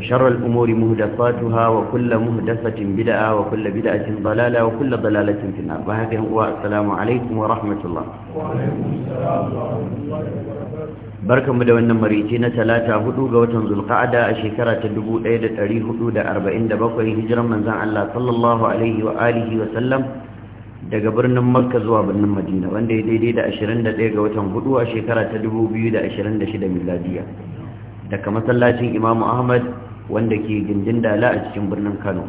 وشر الأمور مهدفاتها وكل مهدفة بدعة وكل بدعة ضلالة وكل ضلالة في النار وهكذا هو السلام عليكم ورحمة الله وعليكم السلام ورحمة الله وبركاته barkan mu da wannan marici na talata hudu ga watan zulqa'ada a shekara ta dubu da da da hudu arba'in bakwai hijiran manzan Allah sallallahu alaihi wa alihi wa sallam daga birnin Makka zuwa birnin Madina wanda ya daidai da ashirin da 21 ga watan hudu a shekara ta dubu biyu da da ashirin shida miladiya daga masallacin Imam Ahmad wanda ke gindin dala a cikin birnin kano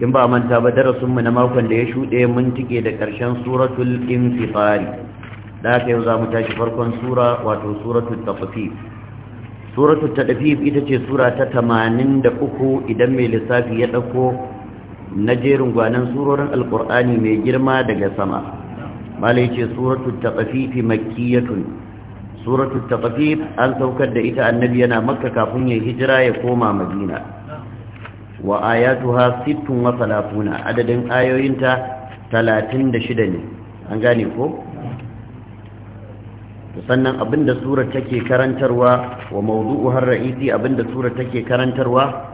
in ba manta ba darasinmu na makon da ya shuɗe mun tike da ƙarshen suratul infifari da aka yau za mu tashi farkon sura wato suratul tafafif suratul tafafif ita ce sura ta tamanin da uku idan mai lissafi ya ɗauko na jerin gwanan surorin alƙur'ani mai girma daga sama malai ce suratul tafafifi makkiyatun suratu taqdir an saukar da ita annabi yana makka kafin ya hijira ya koma madina wa ayatuha salafuna adadin ayoyinta shida ne an gane ko sannan abinda surar take karantarwa wa mawdu'u har raisi abinda surar take karantarwa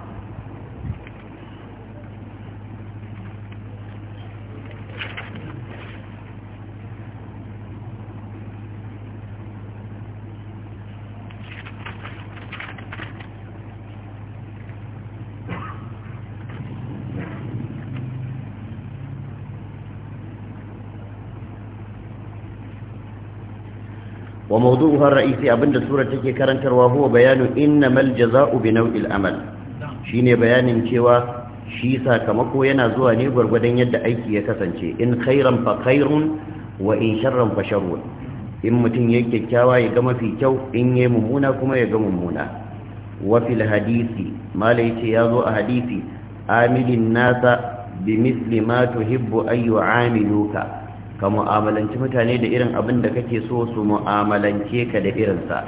wa har ar-ra'isi abinda sura take karantarwa huwa bayanu innamal jazaa'u bi naw'il amal shine bayanin cewa shi sakamako yana zuwa ne gwargwadon yadda aiki ya kasance in khairan fa khairun wa in sharran fa sharrun in mutum yayi kyakkyawa ya ga mafi kyau in yayi mummuna kuma ya ga mummuna wa fil hadisi mala yace yazo a hadisi amilin nasa bi misli ma tuhibbu ayu amiluka ka mu'amalanci mutane da irin abin da kake so su mu'amalance ka da irinsa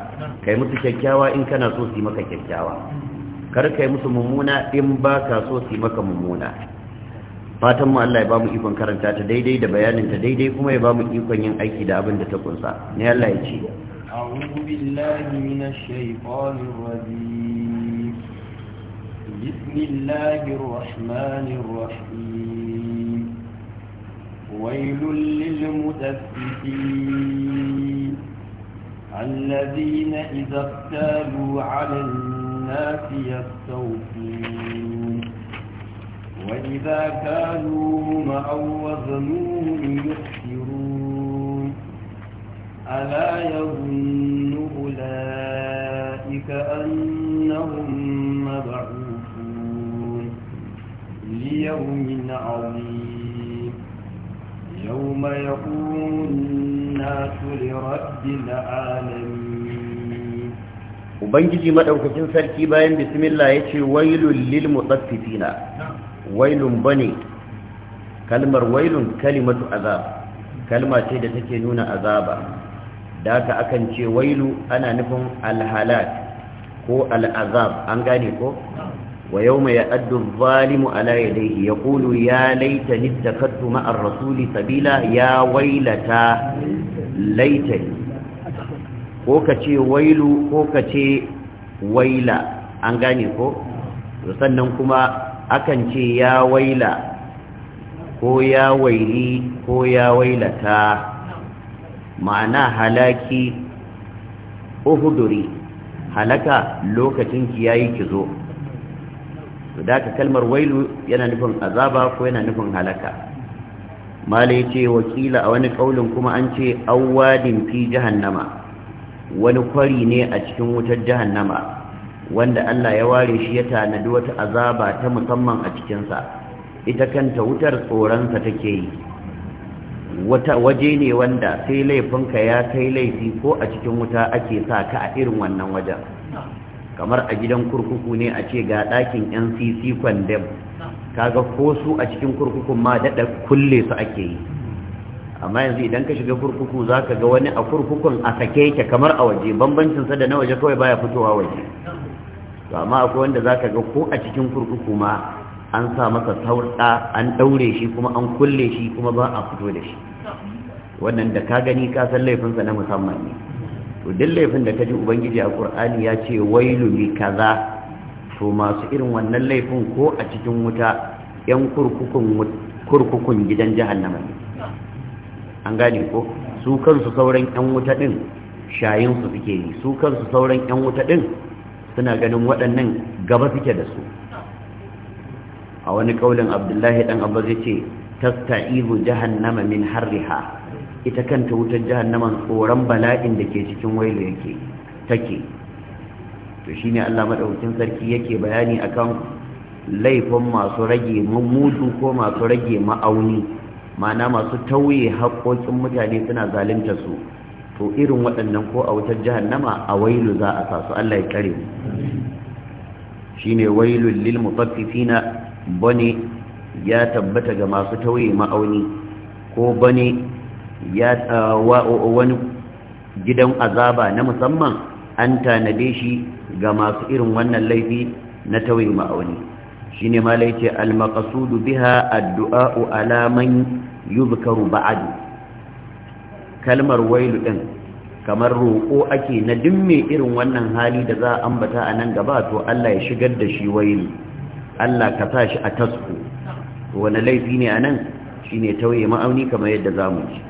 kai musu kyakkyawa in kana so su yi maka kyakkyawa kar kai musu mummuna in ba ka so su yi maka mummuna fatan mu Allah ya ba mu ikon karanta ta daidai da bayanin ta daidai kuma ya ba mu ikon yin aiki da abin da ta kunsa ne Allah ya ce أعوذ بالله من الشيطان الرجيم بسم الله الرحمن الرحيم ويل للمتففين الذين إذا اختالوا على الناس يستوفون وإذا كانوهم أو وزنوهم يخسرون ألا يظن أولئك أنهم مبعوثون ليوم عظيم يوم يقوم الناس لرب العالمين وبنجي مدوكين سركي باين بسم الله يتي ويل للمطففين ويل بني kalmar wailun kalimatu azab kalma ce da take nuna azaba da haka akan ce wailu ana nufin alhalat ko al'azab an gane ko ويوم يأد الظالم على يديه يقول يا ليتني اتخذت مع الرسول سبيلا يا ويلتا ليتني ko ka ce wailu ko ka ce waila an gane ko sannan kuma akan ce ya waila ko ya waili ko ya wailata ma'ana halaki uhuduri halaka lokacin ki yayi ki zo su da kalmar wailu yana nufin azaba ko yana nufin halaka mala ce wakila a wani kaulin kuma an ce awwadin fi jahannama wani kwari ne a cikin wutar jahannama wanda Allah ya ware shi ya tanadi wata azaba ta musamman a cikinsa, ita kanta wutar tsoronsa take yi wata waje ne wanda sai laifinka ya kai laifi ko a cikin wuta ake sa ka a irin wannan wajen kamar a gidan kurkuku ne a ce ga ɗakin ncc kwandem kaga ko su a cikin kurkukun ma daɗa kulle su ake yi amma yanzu idan ka shiga kurkuku za ka ga wani a kurkukun a sake yake kamar a waje bambancinsa da na waje kawai baya fitowa waje to amma akwai wanda za ka ga ko a cikin kurkuku ma an sa masa saurɗa an ɗaure shi kuma an kulle shi kuma ba a fito da shi wannan da ka gani ka san laifinsa na musamman ne to duk laifin da ji ubangiji a qur'ani ya ce wailu li kaza to masu irin wannan laifin ko a cikin wuta yan kurkukun kurkukun gidan jahannama ne an gane ko su kansu sauran yan wuta din shayin suke yi su kansu sauran yan wuta din suna ganin waɗannan gaba suke da su a wani kaulin abdullahi dan zai ce, tasta'izu jahannama min harriha ita kanta wutar jahannaman tsoron bala'in da ke cikin wailu yake take to shine Allah madaukakin sarki yake bayani akan laifin masu rage mudu ko masu rage ma'auni ma'ana masu tauye haƙoƙin mutane suna zalunta su to irin waɗannan ko a wutar jahannama a wailu za a sa Allah ya kare shine wailul lil mutaffifina bane ya tabbata ga masu tauye ma'auni ko bane ya wani gidan azaba na musamman an tanade shi ga masu irin wannan laifi na tawai ma'auni Shi ne ma laice almakasudu biha addu'a alaman yuzkaru ba'adu kalmar wailu ɗin. kamar roƙo ake na dimme irin wannan hali da za a ambata a nan gaba to Allah ya shigar da shi wailu Allah ka sa shi a tasko wani laifi ne a nan shi ne tauye ma'auni kamar yadda za ci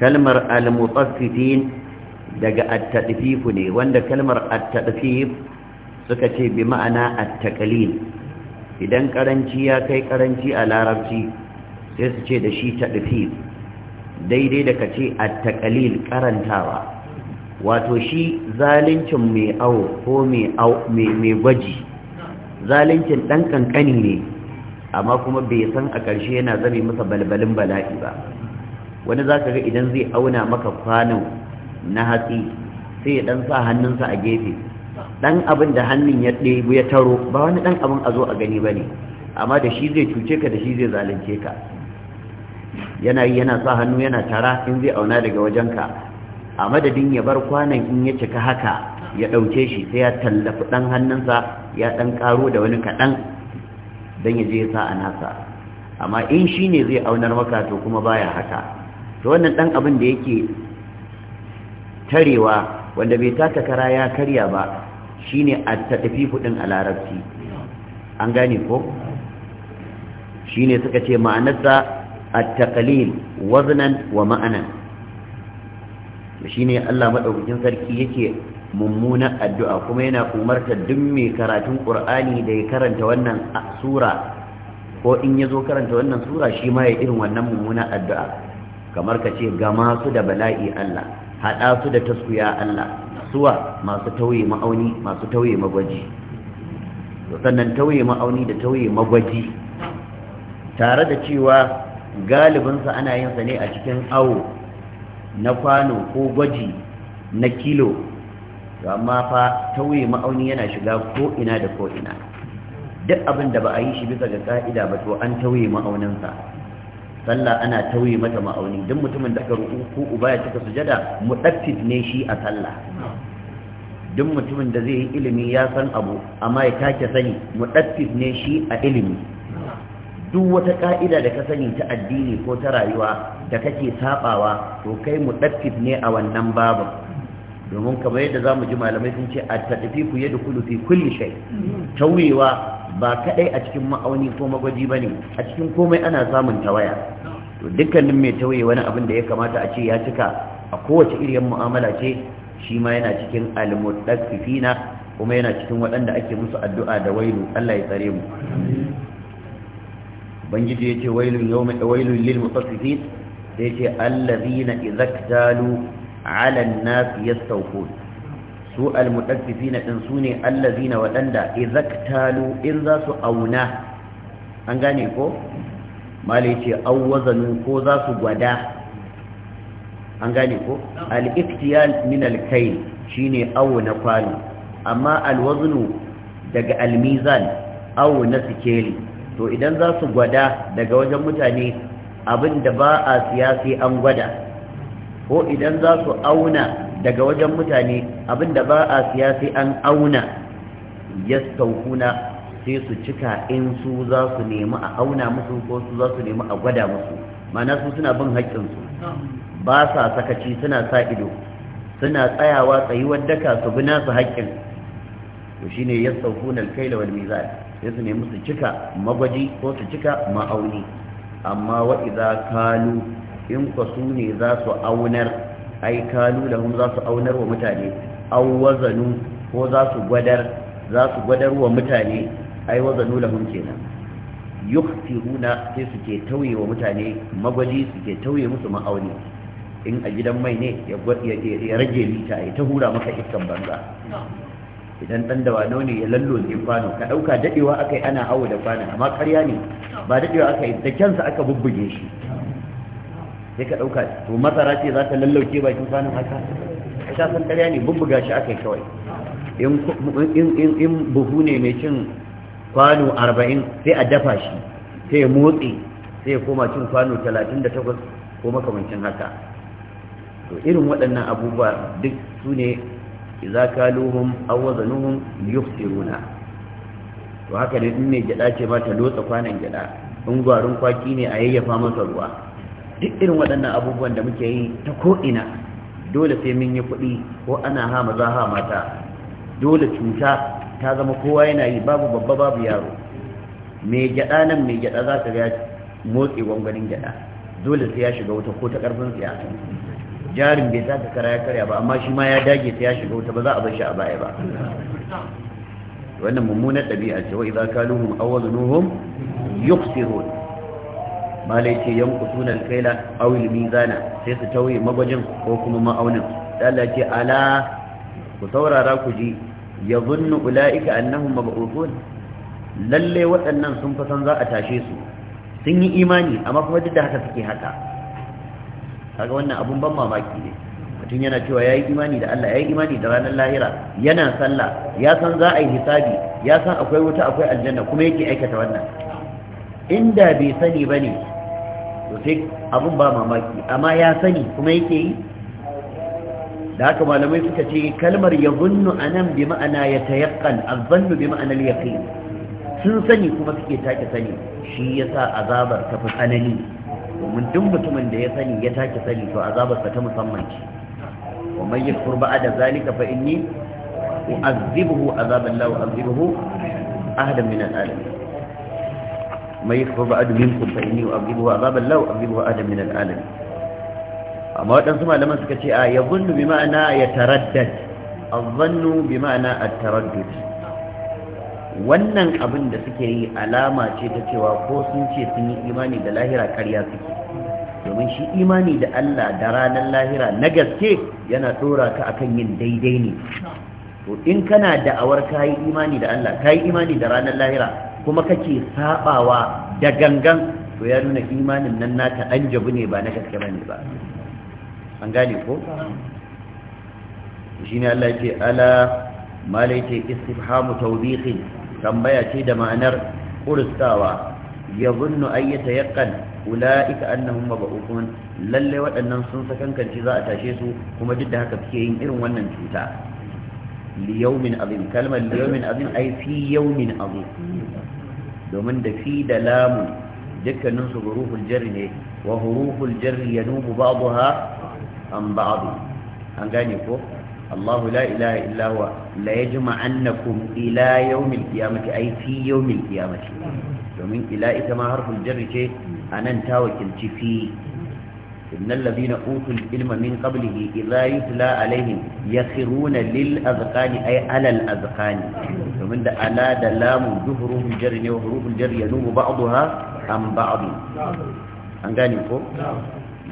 kalmar al-mutaffifin daga at-tadfif ne wanda kalmar at-tadfif suka ce bi ma'ana at-taqlil idan karanci ya kai karanci a larabci sai su ce da shi tadfif daidai da kace at-taqlil karantawa wato shi zalincin mai awo ko mai mai gwaji zalincin dan kankani ne amma kuma bai san a ƙarshe yana zame masa balbalin bala'i ba wani za ka ga idan zai auna maka kwano na hatsi sai ya ɗansa hannunsa a gefe ɗan abin da hannun ya ɗebu ya taro ba wani ɗan abin a zo a gani ba ne amma da shi zai cuce ka da shi zai zalunce ka yana yi yana sa hannu yana tara in zai auna daga wajenka a madadin ya bar kwanan in ya cika haka ya ɗauke shi sai ya tallafi ɗan hannunsa ya ɗan ƙaro da wani kaɗan don ya je ya sa a nasa amma in shi ne zai aunar maka to kuma baya haka to wannan dan abin da yake tarewa wanda bai taka kara ya karya ba shine at-tadfifu a larabci an gane ko shine suka ce ma'anarsa at-taqlil waznan wa ma'anan shine Allah madaukakin sarki yake mummunan addu'a kuma yana umarta duk mai karatun Qur'ani da ya karanta wannan sura ko in yazo karanta wannan sura shi ma ya irin wannan mummunan addu'a kamar ka ce gama su da bala'i Allah haɗa su da taskuya Allah suwa masu tauye ma'auni masu tauye magwaji sannan tauye ma'auni da tauye magwaji tare da cewa galibinsa ana yin sa ne a cikin awo na kwano ko gwaji na kilo amma fa tauye ma'auni yana shiga ko'ina da ko'ina. duk abin da ba a yi shi bisa ga ka'ida ba to an tauye ma'auninsa sallah ana tauye mata ma'auni duk mutumin da aka ruku uba ya cika sujada mudaffif ne shi a sallah duk mutumin da zai yi ilimi ya san abu amma ya take sani mudaffif ne shi a ilimi duk wata ka'ida da ka sani ta addini ko ta rayuwa da kake sabawa to kai mudaffif ne a wannan babu domin kamar yadda za mu ji malamai sun ce a taɗafi ku da kulu fi kulli shai tauyewa ba kaɗai a cikin ma'auni ko magwaji ba ne a cikin komai ana samun tawaya to dukkanin mai tauye wani abin da ya kamata a ce ya cika a kowace iriyar mu'amala ce shi ma yana cikin almudaffifina kuma yana cikin waɗanda ake musu addu'a da wailu Allah ya tsare mu bangiji yace wailun yawma wailul lil mutaffifin sai yace allazina idhaktalu ala an-nas yastawqun su almudaffifina din su sune allazina waɗanda idhaktalu in za su auna an gane ko malai ce awwazanu ko za su gwada an gane ko al-iktiyal min al-kayl shine awu na kwano amma al-waznu daga al-mizan awu na sikeli to idan za su gwada daga wajen mutane abin da ba a siyasi an gwada ko idan za su auna daga wajen mutane abin da ba a siyasi an auna saukuna. sai su cika in su za su nemi a auna musu ko su za su nemi a gwada musu ma'ana su suna bin haƙƙinsu ba sa sakaci suna sa ido suna tsayawa tsayuwar daka su bi nasu haƙƙin to shine yastaufuna alkayla wal mizan sai su nemi su cika magwaji ko su cika ma'auni amma wa idza kalu in ku su ne za su aunar ai kalu lahum za su aunar wa mutane au wazanu ko za su gwadar za su gwadar wa mutane ai wazanu lahum kenan yukhfiruna sai suke tauye wa mutane magwaji suke tauye musu ma'auni in a gidan mai ne ya rage lita ya ta hura maka iskan banza idan dan da wano ne ya lallo ne kwano ka dauka dadewa akai ana hawo da kwano amma ƙarya ne ba dadewa akai da kansa aka bubbuge shi sai ka dauka to masara ce za ta lallauke bakin kwanon haka ka san ƙarya ne bubbuga shi akai kawai in buhu ne mai cin kwano arba'in sai a dafa shi sai motsi sai koma cin kwano talatin da takwas ko makamancin haka to irin waɗannan abubuwa duk su ne iza kaluhum aw wazanuhum to haka ne in mai gyada ce ba ta lotsa kwanan gyaɗa. in gwarin kwaki ne a yayyafa masa ruwa duk irin waɗannan abubuwan da muke yi ta ko'ina, dole sai mun yi kuɗi ko ana hama za ha mata dole cuta ta zama kowa yana yi babu babba babu yaro mai gyada nan mai gyada za ka ga motsi gwangwanin gyada dole sai ya shiga wuta ko ta karfin tsiya jarin bai taka kara ya karya ba amma shi ma ya dage sai ya shiga wuta ba za a bar shi a baya ba wannan mummunar ɗabi'a ce wa idza kaluhum aw wazanuhum yuqsirun malai ce yanqusun al aw al-mizana sai su tauye magwajin ko kuma ma'aunin Allah ce ala ku saurara ku ji Ya yadhunnu ulaika annahum mab'uthun lalle waɗannan sun fasan za a tashe su sun yi imani amma kuma duk da haka suke haka kaga wannan abun ban mamaki ne mutum yana cewa yayi imani da Allah yayi imani da ranar lahira yana sallah ya san za a yi hisabi ya san akwai wuta akwai aljanna kuma yake aikata wannan inda bai sani bane to sai abun ba mamaki amma ya sani kuma yake yi da haka malamai suka ce kalmar ya zunnu a nan bi ma'ana ya tayakkan a zannu bi ma'ana yaƙi sun sani kuma suke take sani shi ya sa azabar ta fi tsanani domin duk mutumin da ya sani ya take sani to azabarsa ta musamman ce wa man yakfur ba'da zalika fa inni u'azzibuhu azaban la u'azzibuhu ahadan min al-alamin man yakfur ba'da minkum fa inni u'azzibuhu azaban la u'azzibuhu ahadan min al-alamin amma waɗansu malaman suka ce a ya zunnu bi ma'ana ya taraddad azannu bi ma'ana a taraddad wannan abin da suke yi alama ce ta cewa ko sun ce sun yi imani da lahira karya suke domin shi imani da Allah da ranar lahira na gaske yana tsora ka akan yin daidai ne to in kana da da'awar yi imani da Allah ka yi imani da ranar lahira kuma kake sabawa da gangan to ya nuna imanin nan naka an jabu ne ba na gaske ne ba an gane ko shine Allah ce ala malai istifhamu tawbiqin tambaya ce da ma'anar kurstawa yadhunnu ayyata yatayaqqan ulaika annahum mab'uthun lalle waɗannan sun sakankanci za a tashe su kuma duk da haka suke yin irin wannan cuta li azim kalmar li yawmin azim ay fi yawmin azim domin da fi da lamun dukkanin su huruful jarri ne wa huruful jarri yanubu ba'daha an ba'adu an gane ko Allahu la ilaha illa huwa la yajma'annakum ila yawmil qiyamati ay fi yawmil qiyamati domin ila ita ma harful jarri ce anan ta wakilci fi إن الذين أوتوا العلم من قبله إذا يتلى عليهم يخرون للأذقان أي على الأذقان ومن ألا دلام جهر الجر وحروف الجر ينوم بعضها عن An أنقاني ko?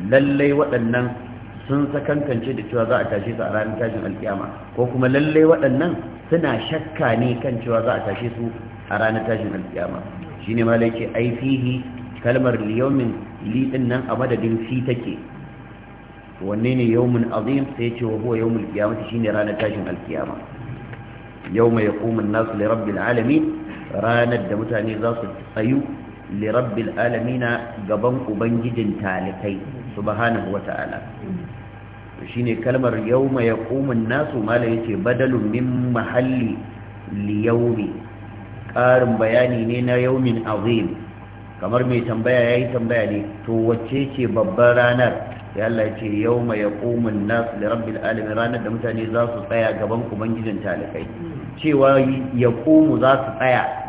Lallai waɗannan. sun sakankance da cewa za a tashe su a ranar tashin alkiyama ko kuma lallai waɗannan suna shakka ne kan cewa za a tashe su a ranar tashin alkiyama Shi ne lai ce ai fihi kalmar liyaumin li din nan a madadin fi take wanne ne yawmin azim sai ce wa huwa yawmul qiyamati shine ranar tashin alkiyama yawma yaqumu an-nasu li rabbil alamin ranar da mutane za su tsayu li rabbil alamin gaban ubangijin talikai subhanahu ta'ala. to shine kalmar yawma yaqumun nasu malam yake badalun min mahalli li ƙarin karin bayani ne na yaumin azim kamar mai tambaya yayi tambaya ne to wacce ce babbar ranar sai Allah ya ce yawma yaqumun nasu' da rabbil alamin ranar da mutane za su tsaya gaban ubangijin talibai cewa yaqumu za su tsaya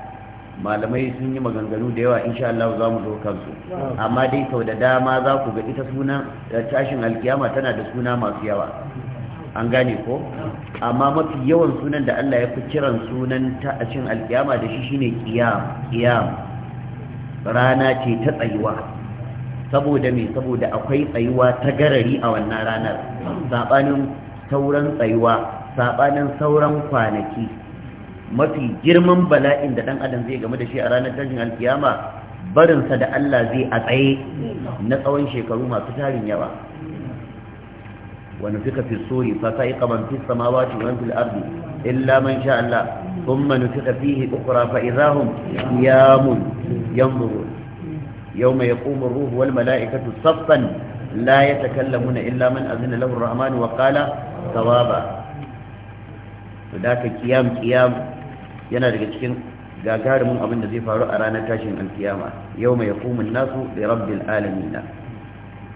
malamai sun yi maganganu da yawa insha Allah za mu zo kansu amma dai sau da dama za ku ga ita suna tashin alkiyama tana da suna masu yawa an gane ko amma mafi yawan sunan da Allah ya fi kiran sunan tashin alkiyama da shi shine qiyam qiyam rana ce ta tsayuwa saboda me saboda akwai tsayuwa ta garari a wannan ranar sabanin sauran tsayuwa sabanin sauran kwanaki mafi girman bala'in da dan adam zai game da shi a ranar tashin alkiyama barinsa da Allah zai a tsaye na tsawon shekaru masu tarin yawa wani fika fi suri fa yi kaman fi samawati wa fil ardi illa man sha Allah thumma nufika fihi ukhra fa idahum qiyamun yanzurun yawma yaqumu ar-ruhu wal mala'ikatu saffan لا يتكلمون إلا من أذن له الرحمن وقال da ka قيام قيام yana daga cikin gagarumin abin da zai faru a ranar tashin alkiyama yau mai yakumin nasu da rabbil alamina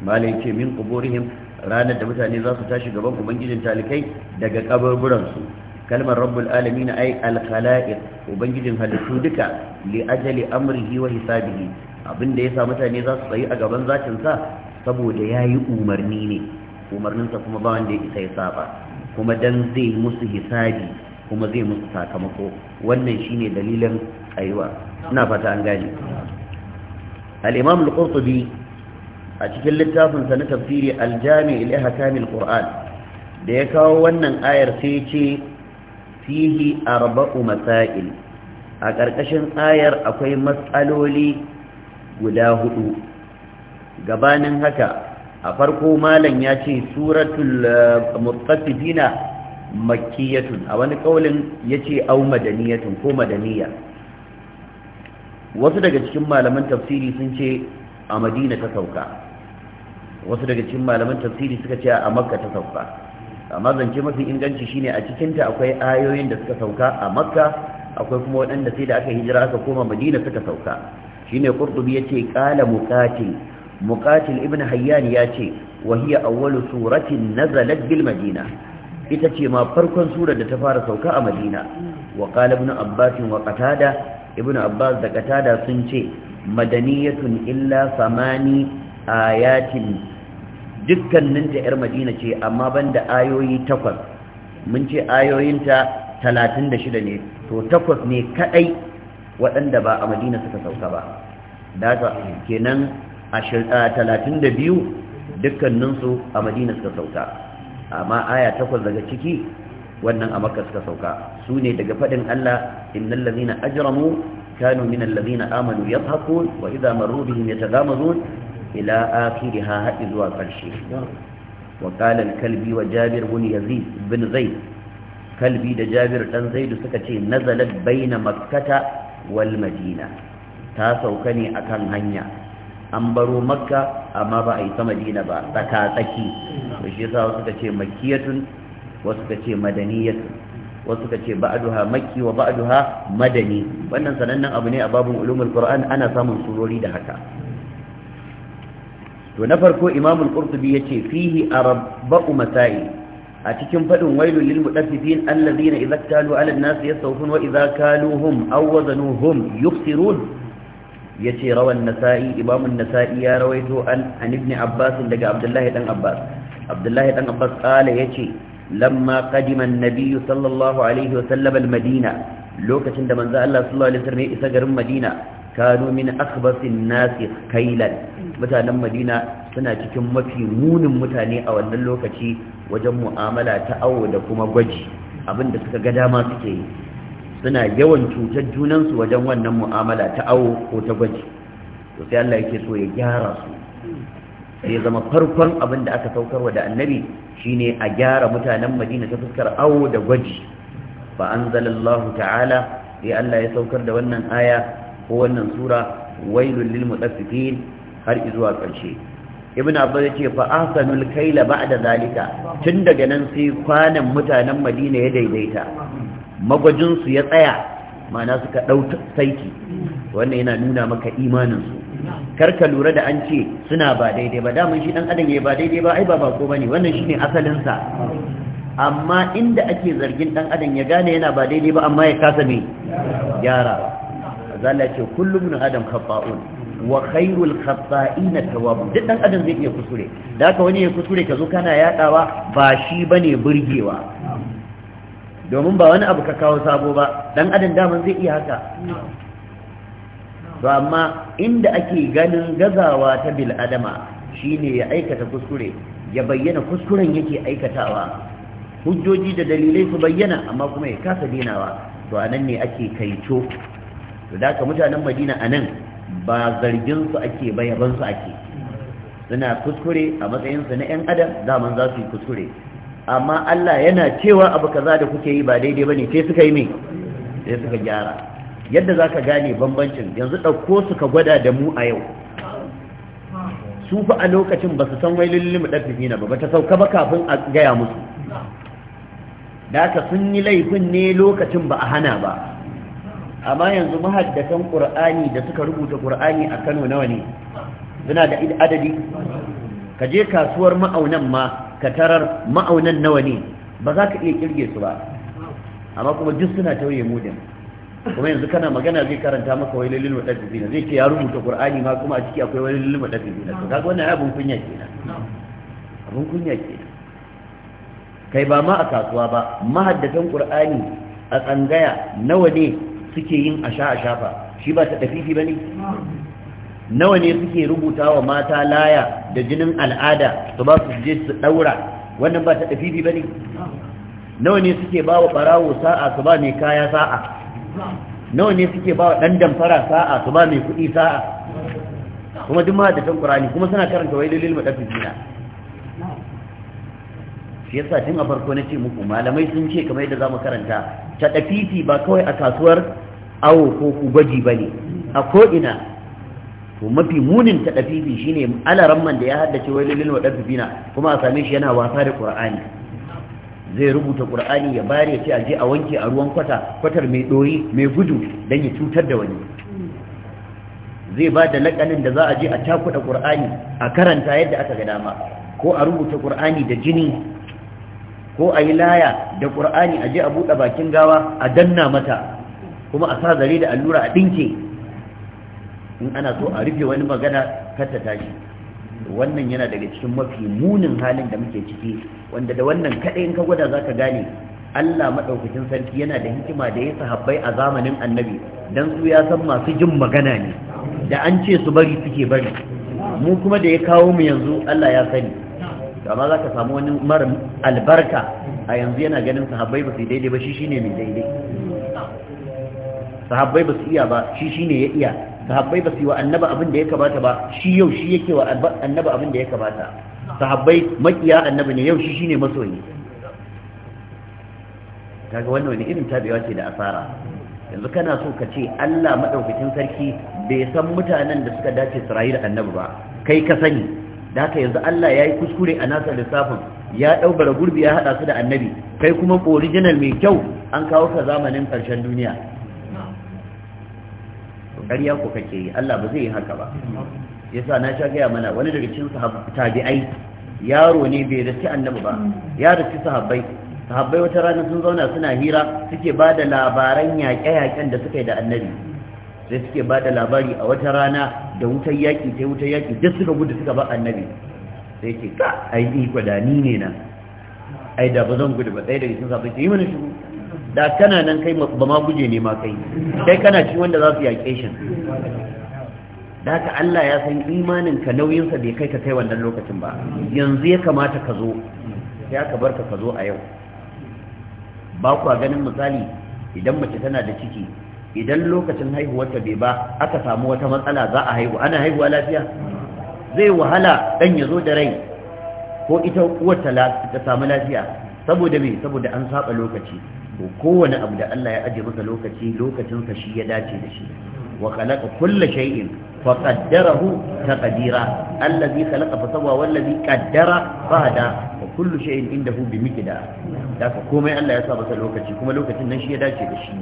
malai ce min kuburihim ranar da mutane za su tashi gaban ubangijin talikai daga kaburburansu kalmar rabbul alamina ai alkhala'iq ubangijin halittu duka li ajali amrihi wa hisabihi abin da yasa mutane za su tsayi a gaban zatin sa saboda yayi umarni ne umarninsa kuma ba wanda ya isa ya saba kuma dan zai musu hisabi kuma zai musu sakamako wannan shine dalilin tsayuwa ina fata an gane al-imam al-qurtubi a cikin littafin sa na tafsiri al-jami' li ahkam al-qur'an da ya kawo wannan ayar sai ce fihi arba'u masail a ƙarƙashin ayar akwai matsaloli guda hudu gabanin haka a farko malam ya ce suratul eh, muttaffifina makkiyatun a wani kaulin yace au madaniyatun ko madaniya wasu daga cikin malaman tafsiri sun ce a madina ta sauka wasu daga cikin malaman tafsiri suka ce a makka ta sauka amma zance mafi inganci shine a cikinta akwai ayoyin da suka sauka a makka akwai kuma waɗanda sai da aka hijira aka koma madina suka sauka shine qurtubi yace qala muqatil muqatil ibn hayyan yace wa hiya awwalu suratin nazalat bil madina ita ce ma farkon surar da ta fara sauka a madina wa qala ibn abbas wa qatada ibn abbas da qatada sun ce madaniyatun illa samani ayatin dukkanin ta yar madina ce amma banda ayoyi takwas mun ce ayoyinta 36 ne to takwas ne kadai waɗanda ba a madina suka sauka ba daga kenan 32 dukkaninsu a madina suka sauka amma aya takwas daga ciki wannan a makka suka sauka su ne daga faɗin Allah innal ladhina ajramu kanu min alladhina amanu yadhhakun wa idha marru bihim yatagamazun ila akhiriha haɗi zuwa ƙarshe wa qala kalbi wa jabir ibn yazid ibn zaid kalbi da jabir ɗan Zaidu suka ce nazalat baina makkata wal madina ta sauka ne akan hanya an baro makka amma ba a yi ta madina ba tsaka tsaki to shi sa wasu kace makkiyatun wasu kace madaniyatun wasu kace ba'duha makki wa ba'duha madani wannan sanannen abu ne a babun ulumul qur'an ana samun surori da haka to na farko imamul qurtubi yace fihi arba'u masai. a cikin faɗin wailul lil mudaffifin allazina idza kalu ala an-nas yastawfun wa idza kaluhum aw wazanuhum yukhsirun Ya yace rawan nasa'i imamun nasa'i ya rawaito an an Abbasin daga abdullahi dan abbas abdullahi dan abbas kala ce, lamma qadima Nabiyu, sallallahu alaihi wasallam al-madina lokacin da manzo Allah sallallahu alaihi wasallam ya isa garin madina kanu min akhbasin nasi kailan mutanen madina suna cikin mafi munin mutane a wannan lokaci wajen mu'amala ta awo da kuma gwaji abinda suka ga dama suke yi suna yawan cutar junansu wajen wannan mu'amala ta awo ko ta gwaji to sai Allah yake so ya gyara su sai zama farkon abin da aka saukarwa da annabi shine a gyara mutanen madina ta fuskar awo da gwaji fa anzalallahu ta'ala sai Allah ya saukar da wannan aya ko wannan sura wailul lil mutaffifin har zuwa ƙarshe ibn abbas yace fa ahsanul kayla ba'da zalika tun daga nan sai kwanan mutanen madina ya daidaita magwajinsu ya tsaya mana suka ɗau saiti wannan yana nuna maka imaninsu karka lura da an ce suna ba daidai ba damun shi ɗan adam ya ba daidai ba ai ba bako ba ne wannan shi ne asalinsa amma inda ake zargin ɗan adam ya gane yana ba daidai ba amma ya kasa mai gyara zalla ce kullum na adam khabba'un wa khairul khata'ina tawab duk ɗan adam zai iya kusure da haka wani ya kusure ka zo kana yaɗawa ba shi bane burgewa domin ba wani abu ka kawo sabo ba dan adam daman zai iya haka to amma inda ake ganin gazawa ta bil adama shine ya aikata kuskure ya bayyana kuskuren yake aikatawa hujjoji da dalilai su bayyana amma kuma ya kasa dinawa to anan ne ake kaito to da ka mutanen madina anan ba zargin su ake ba yaban su ake suna kuskure a matsayin su na yan adam daman za su yi kuskure amma Allah yana cewa abu kaza da kuke yi ba daidai bane sai suka yi me sai suka gyara yadda zaka gane bambancin yanzu dauko suka gwada da mu a yau su fa a lokacin ba su san wai wailin limu dafifina ba ta sauka ba kafin a gaya musu da ka sun yi laifin ne lokacin ba a hana ba amma yanzu mahaddatan qur'ani da suka rubuta qur'ani a Kano nawa ne suna da adadi ka je kasuwar ma'aunan ma ka tarar ma'aunan nawa ne ba za ka iya kirge su ba amma kuma duk suna tauye mudin kuma yanzu kana magana zai karanta maka wai lalil mudaffifina zai ce ya rubuta qur'ani ma kuma a ciki akwai wai lalil mudaffifina to kaga wannan abun kunya kenan abun kunya kenan kai ba ma a kasuwa ba mahaddatan qur'ani a tsangaya nawa ne suke yin asha a shafa shi ba ta dafifi bane nawa ne suke rubuta wa mata laya da jinin al'ada su ba su je su daura wannan ba ta dafifi bane nawa ne suke ba wa barawo sa'a su ba mai kaya sa'a nawa ne suke ba wa dan damfara sa'a su ba mai kuɗi sa'a kuma duk ma da tan qur'ani kuma suna karanta wai dalil madafina shi yasa tun a farko nace muku malamai sun ce kamar yadda zamu karanta ta dafifi ba kawai a kasuwar awo ko kubaji bane a ko ina to mafi munin ta dafifi shine alaran man da ya haddace wa dafifina kuma a same shi yana wasa da qur'ani zai rubuta qur'ani ya bare ya ce a je a wanke a ruwan kwata kwatar mai doyi mai gudu dan ya cutar da wani zai ba da lakanin da za a je a cakuɗa qur'ani a karanta yadda aka ga dama ko a rubuta qur'ani da jini ko a yi laya da ƙur'ani a je a buɗe bakin gawa a danna mata kuma a sa zare da allura a dinke in ana so a rufe wani magana kar ta tashi wannan yana daga cikin mafi munin halin da muke ciki wanda da wannan kaɗai in ka gwada za ka gane Allah maɗaukacin sarki yana da hikima da ya sahabbai a zamanin annabi don su ya san masu jin magana ne da an ce su bari suke bari mu kuma da ya kawo mu yanzu Allah ya sani amma za ka samu wani mara albarka a yanzu yana ganin sahabbai ba su daidai ba shi shine mai daidai sahabbai ba su iya ba shi shine ya iya sahabbai ba su yi wa annaba abin da ya kamata ba shi yau shi yake wa annaba abin da ya kamata sahabbai makiya annabi ne yau shi shine masoyi kaga wannan wani irin tabewa ce da asara yanzu kana so ka ce Allah madaukakin sarki bai san mutanen da suka dace su rayu da annabi ba kai ka sani da haka yanzu Allah ya yi kuskure a nasa lissafin ya ɗaukar gurbi ya haɗa su da annabi kai kuma original mai kyau an kawo ka zamanin ƙarshen duniya ƙarya ku kake yi Allah ba zai yi haka ba yasa na sha gaya mana wani daga cikin tabi'ai yaro ne bai rasu annabi ba ya rasu sahabbai sahabbai wata rana sun zauna suna hira suke ba da labaran yaƙe-yaƙen da suka yi da annabi sai suke ba da labari a wata rana da wutar yaƙi ta wutar yaƙi duk suka gudu suka ba annabi sai ce ka ai ni gwadani ne na ai da ba zan gudu ba ɗaya daga cikin sahabbai ce yi mana shiru da kana nan kai ba ma guje ne ma kai kai kana ci wanda za su yaƙe shi da ka Allah ya san imanin ka nauyinsa bai kai ka kai wannan lokacin ba yanzu ya kamata ka zo ya ka bar ka zo a yau ba ku ganin misali idan mace tana da ciki idan lokacin haihuwarta bai ba aka samu wata matsala za a haihu ana haihuwa lafiya zai wahala dan ya zo da rai ko ita uwar ta samu lafiya saboda me saboda an saba lokaci to kowane abu da Allah ya aje masa lokaci lokacin ka shi ya dace da shi wa khalaqa kulla shay'in fa qaddarahu taqdira allazi khalaqa fa sawwa wallazi qaddara fa hada wa kullu shay'in indahu bi miqdar ka komai Allah ya sa masa lokaci kuma lokacin nan shi ya dace da shi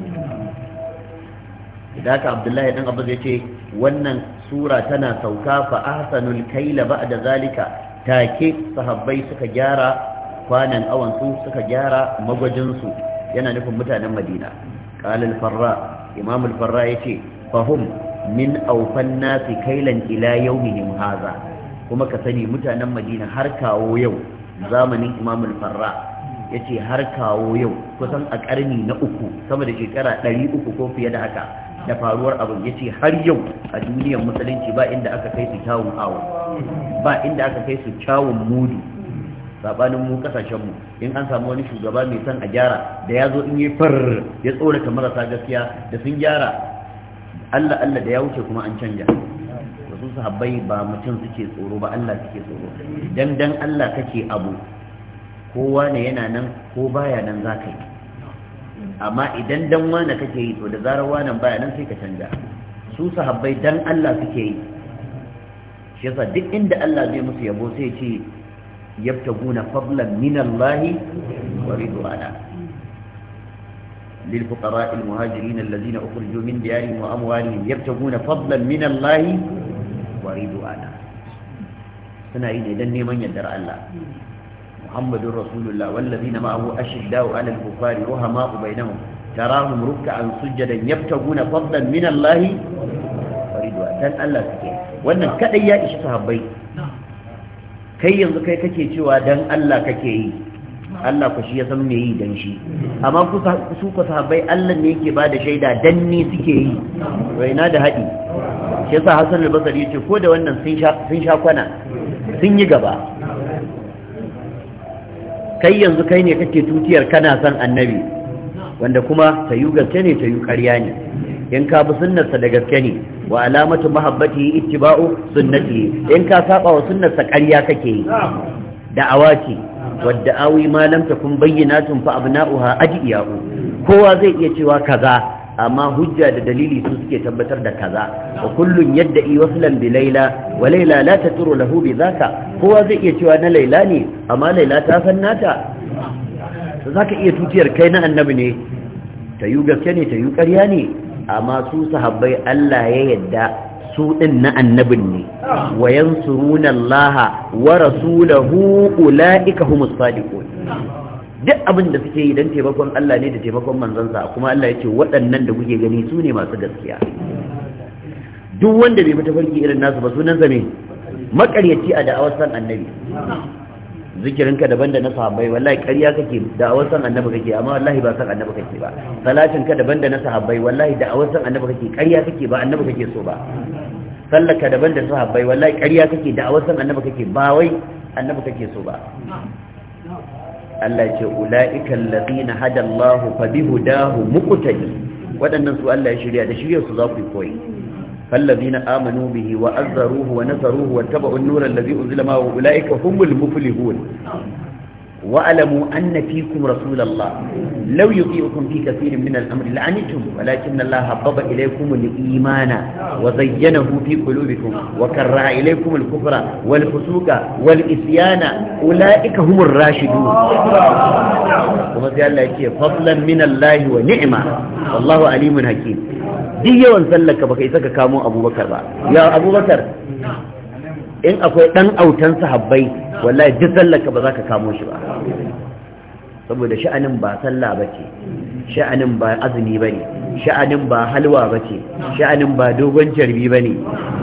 da haka abdullahi dan abu zai ce wannan sura tana sauka fa ahsanul kaila ba'da zalika take sahabbai suka gyara kwanan awan su suka gyara magwajinsu. yana nufin mutanen madina qala farra imam al-farra yace fahum min awfan nasi kailan ila yawmihim haza, kuma ka sani mutanen madina har kawo yau zamanin imam al ya yace har kawo yau kusan a karni na uku sama da shekara uku ko fiye da haka da faruwar ya yace har yau a duniyar musulunci ba inda aka kai su kyawun awo ba inda aka kai su kyawun mudu sabanin mu kasashen mu in an samu wani shugaba mai son a gyara da ya zo in yi far ya tsorata marasa gaskiya da sun gyara Allah Allah da ya wuce kuma an canja wasu sahabbai ba mutum suke tsoro ba Allah suke tsoro dan dan Allah kake abu kowa ne yana nan ko baya nan za ka yi amma idan dan wane kake yi to da zarar wanan baya nan sai ka canja su sahabbai dan Allah suke yi shi yasa duk inda Allah zai musu yabo sai ce yabtaguna fadlan min Allah wa ridwana للفقراء المهاجرين الذين أخرجوا من ديارهم وأموالهم يبتغون فضلا من الله ورضوانا سنة إذا دن من يدر الله محمد رسول الله والذين معه أشداء على الكفار رهماء بينهم تراهم ركعا سجدا يبتغون فضلا من الله ورضوانا الله سكين وأن كأي إشتهبين kai yanzu kai kake cewa dan Allah kake yi Allah ku shi ya san me yi dan shi amma su ku sahabbai Allah ne yake ba da shaida dan ni suke yi raina da haɗi shi yasa Hassan al-Basri yace ko da wannan sun sha sun sha kwana sun yi gaba kai yanzu kai ne kake tutiyar kana san annabi wanda kuma ta yi gaske ne tayu ƙarya ne in ka bi sunnarsa da gaske ne wa alamatu mahabbati ittiba'u sunnati in ka saba wa sunnarsa ƙarya kake yi da'awa ce wadda awi ma lam takun bayyinatun fa abna'uha adiyahu kowa zai iya cewa kaza amma hujja da dalili su suke tabbatar da kaza wa kullun yadda i waslan bi laila wa laila la taturu lahu bi zaka kowa zai iya cewa na laila ne amma laila ta san nata zaka iya tutiyar kai na annabi ne ta yu gaske ne ta yu ƙarya ne amma su sahabbai Allah ya yadda su ɗin na annabin ne wa yansuruna Allah wa rasulahu ulaika humus sadiqun duk abin da suke yi don taimakon Allah ne da taimakon manzansa kuma Allah ya ce waɗannan da kuke gani su ne masu gaskiya duk wanda bai mata farki irin nasu ba sunan zame makaryaci a da'awar san annabi zikirinka daban da na sahabbai wallahi ƙarya kake da da'awar san annabi kake amma wallahi ba san annabi kake ba salatinka daban da na sahabbai wallahi da da'awar san annabi kake ƙarya kake ba annabi kake so ba sallaka daban da sahabbai wallahi ƙarya kake da da'awar san annabi kake ba wai annabi kake so ba Allah ya ce ulaika allazina hada Allahu fa bihudahu muqtadi waɗannan su Allah ya shirya da shiryar su za ku yi koyi فالذين آمنوا به وأذروه ونصروه واتبعوا النور الذي أنزل معه أولئك هم المفلحون واعلموا أن فيكم رسول الله لو يطيعكم في كثير من الأمر لعنتم ولكن الله حبب إليكم الإيمان وزينه في قلوبكم وكرع إليكم الكفر والفسوق والإسيان أولئك هم الراشدون وما سيال الله فضلا من الله ونعمة والله عليم حكيم دي يوان سلك بكيسك كامو أبو بكر با. يا أبو بكر in akwai dan autan sahabbai wallahi duk sallarka ba za ka kamo shi ba saboda sha'anin ba sallah ba ce, sha'anin ba azumi ba ne, sha'anin ba halwa ba ce, sha'anin ba dogon jarbi ne,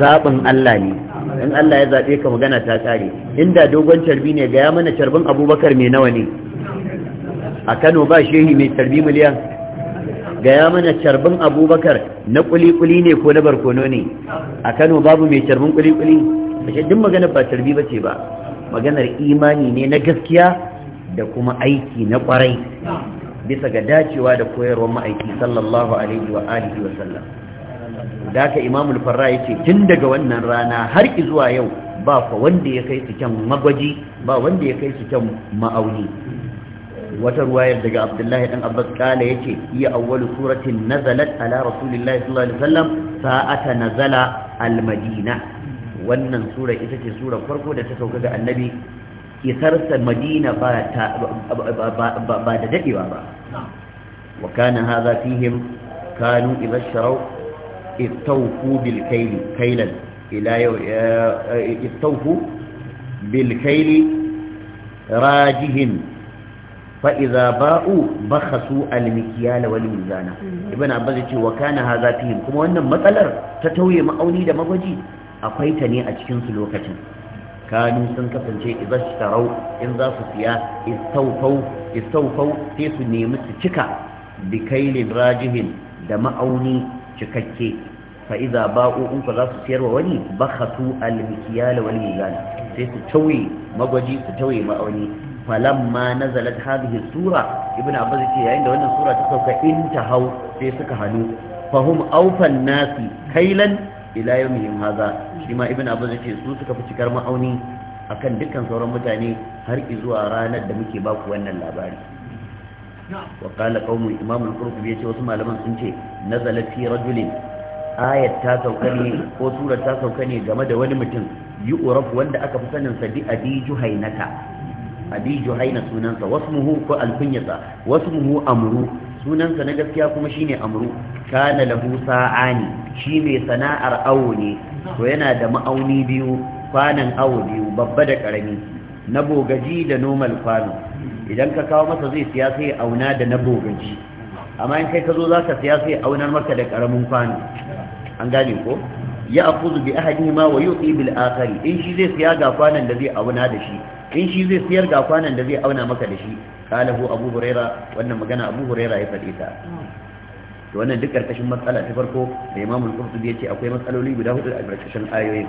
zaɓin Allah ne in Allah ya zaɓe ka magana ta kare inda dogon carbi ne gaya mana carbin abubakar mai nawa ne a kano ba shehi mai carbi miliyan ga ya mana carbin abubakar na ƙuliƙuli ne ko na barkono ne a kano babu mai carbin ƙuliƙuli? ashe duk maganar ba tarbi ce ba maganar imani ne na gaskiya da kuma aiki na kwarai bisa ga dacewa da koyarwar ma'aiki sallallahu alaihi wa alihi wa sallam da haka imamul farra yace tun daga wannan rana har zuwa yau ba fa wanda ya kai su kyan magwaji ba wanda ya kai su kyan ma'auni wata ruwayar daga abdullahi dan abbas kala yace iya awwalu suratin nazalat ala rasulillahi sallallahu alaihi sallam sa'ata nazala al-madina wannan sura ita ce sura farko da ta sauka ga annabi isarsa madina ba da daɗewa ba wa kana haza fihim kanu idza sharaw istawfu bil kayl kaylan ila eh, istawfu bil kayl rajihin fa idza ba'u bakhasu al mikyal wal mizana mm-hmm. ibn abbas ce wa kana haza fihim kuma wannan matsalar ta tauye ma'auni da magwaji akwai ta ne a cikin su lokacin kanu sun kasance izashtarau in za su siya istaufau sai su nemi su cika bikailin rajihin da ma'auni cikakke Fa'iza ba'u in ku za su siyar wa wani bakhatu al-mikyal wal mizan sai su tawaye magwaji su tawaye ma'auni falamma nazalat hadhihi sura ibn abbas ce yayin da wannan sura ta sauka in ta hau sai suka hanu fahum awfan nasi kailan ila yawmihim haza shi ma ibn abbas ce su suka fi cikar ma'auni akan dukkan sauran mutane har zuwa ranar da muke baku wannan labari wa qala qaumul imam al-qurtubi yace wasu malaman sun ce nazala fi rajulin ayat ta sauka ne ko sura ta sauka ne game da wani mutum yu'raf wanda aka fi sanin sa bi adiju hainata adiju haina sunansa wasmuhu ko alkunyata wasmuhu amru sunansa na gaskiya kuma shine amru kana lahu sa'ani shi mai sana'ar awo ne to yana da ma'auni biyu kwanan awo biyu babba da karami na bogaji da nomal kwano idan ka kawo masa zai siya sai auna da na bogaji amma in kai ka zo za ka siya sai aunar maka da karamin kwano an gane ko ya afuzu bi ahadihima wa yuti bil akhari in shi zai siya ga kwanan da zai auna da shi in shi zai siyar ga kwanan da zai auna maka da shi qalahu abu huraira wannan magana abu huraira ya faɗe ta to wannan duk karkashin matsala ta farko da imamul qurtubi yace akwai matsaloli guda hudu a karkashin ayoyin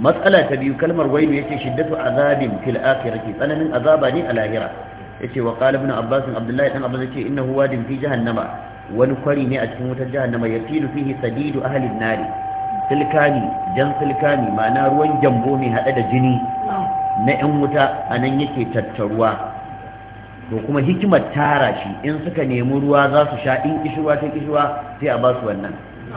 matsala ta biyu kalmar wailu yace shiddatu azabin fil akhirati tsananin azaba ne a lahira yace wa qala ibn abbas abdullahi dan abbas yace innahu wadin fi jahannama wani kwari ne a cikin wutar jahannama yafilu fihi sadidu ahli an silkani jan silkani ma'ana ruwan gyambo mai haɗe da jini na 'yan wuta a nan yake tattaruwa to kuma hikimar tara shi in suka nemi ruwa za su sha in kishirwa ta kishirwa sai a basu su wannan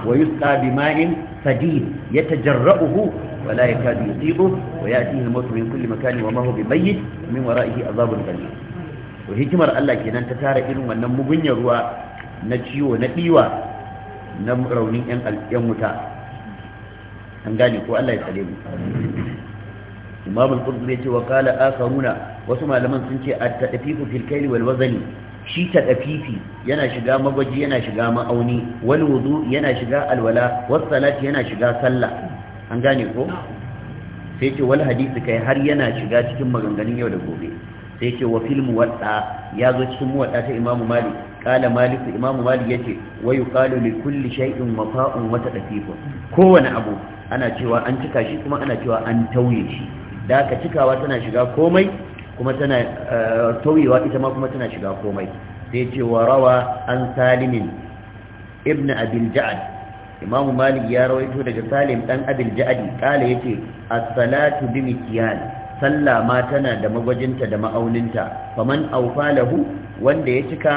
wa yusqa ma'in sadid yatajarra'uhu wa la yakadu yusibu wa ya'tihi al mawtu min kulli makani wa ma huwa bimayyit min wara'ihi azabun ghalib to hikimar Allah kenan ta tara irin wannan mugunyar ruwa na ciwo na diwa na raunin yan wuta an gane ko Allah ya tsare mu imam al-qurtubi yace wa qala akharuna wasu malaman sun ce at-tadfifu fil kayl wal wazn shi tadfifi yana shiga magwaji yana shiga ma'auni wal wudu yana shiga alwala was salati yana shiga sallah an gane ko sai ce wal hadisi kai har yana shiga cikin maganganun yau da gobe sai ce wa fil wadda ya zo cikin muwatta ta imamu malik kala malik imamu malik yace wa yuqalu li kulli shay'in mafa'un wa tadfifun kowane abu ana cewa an cika shi kuma ana cewa an tauye shi da aka cikawa tana shiga komai kuma tana eh, tauyewa ita ma kuma tana shiga komai sai ce wa rawa an salimin ibn abil ja'ad imamu malik ya rawaito daga salim dan abil ja'adi kala yace as-salatu bi mikyan sallah ma tana da magwajinta da ma'auninta faman aufa lahu wanda ya cika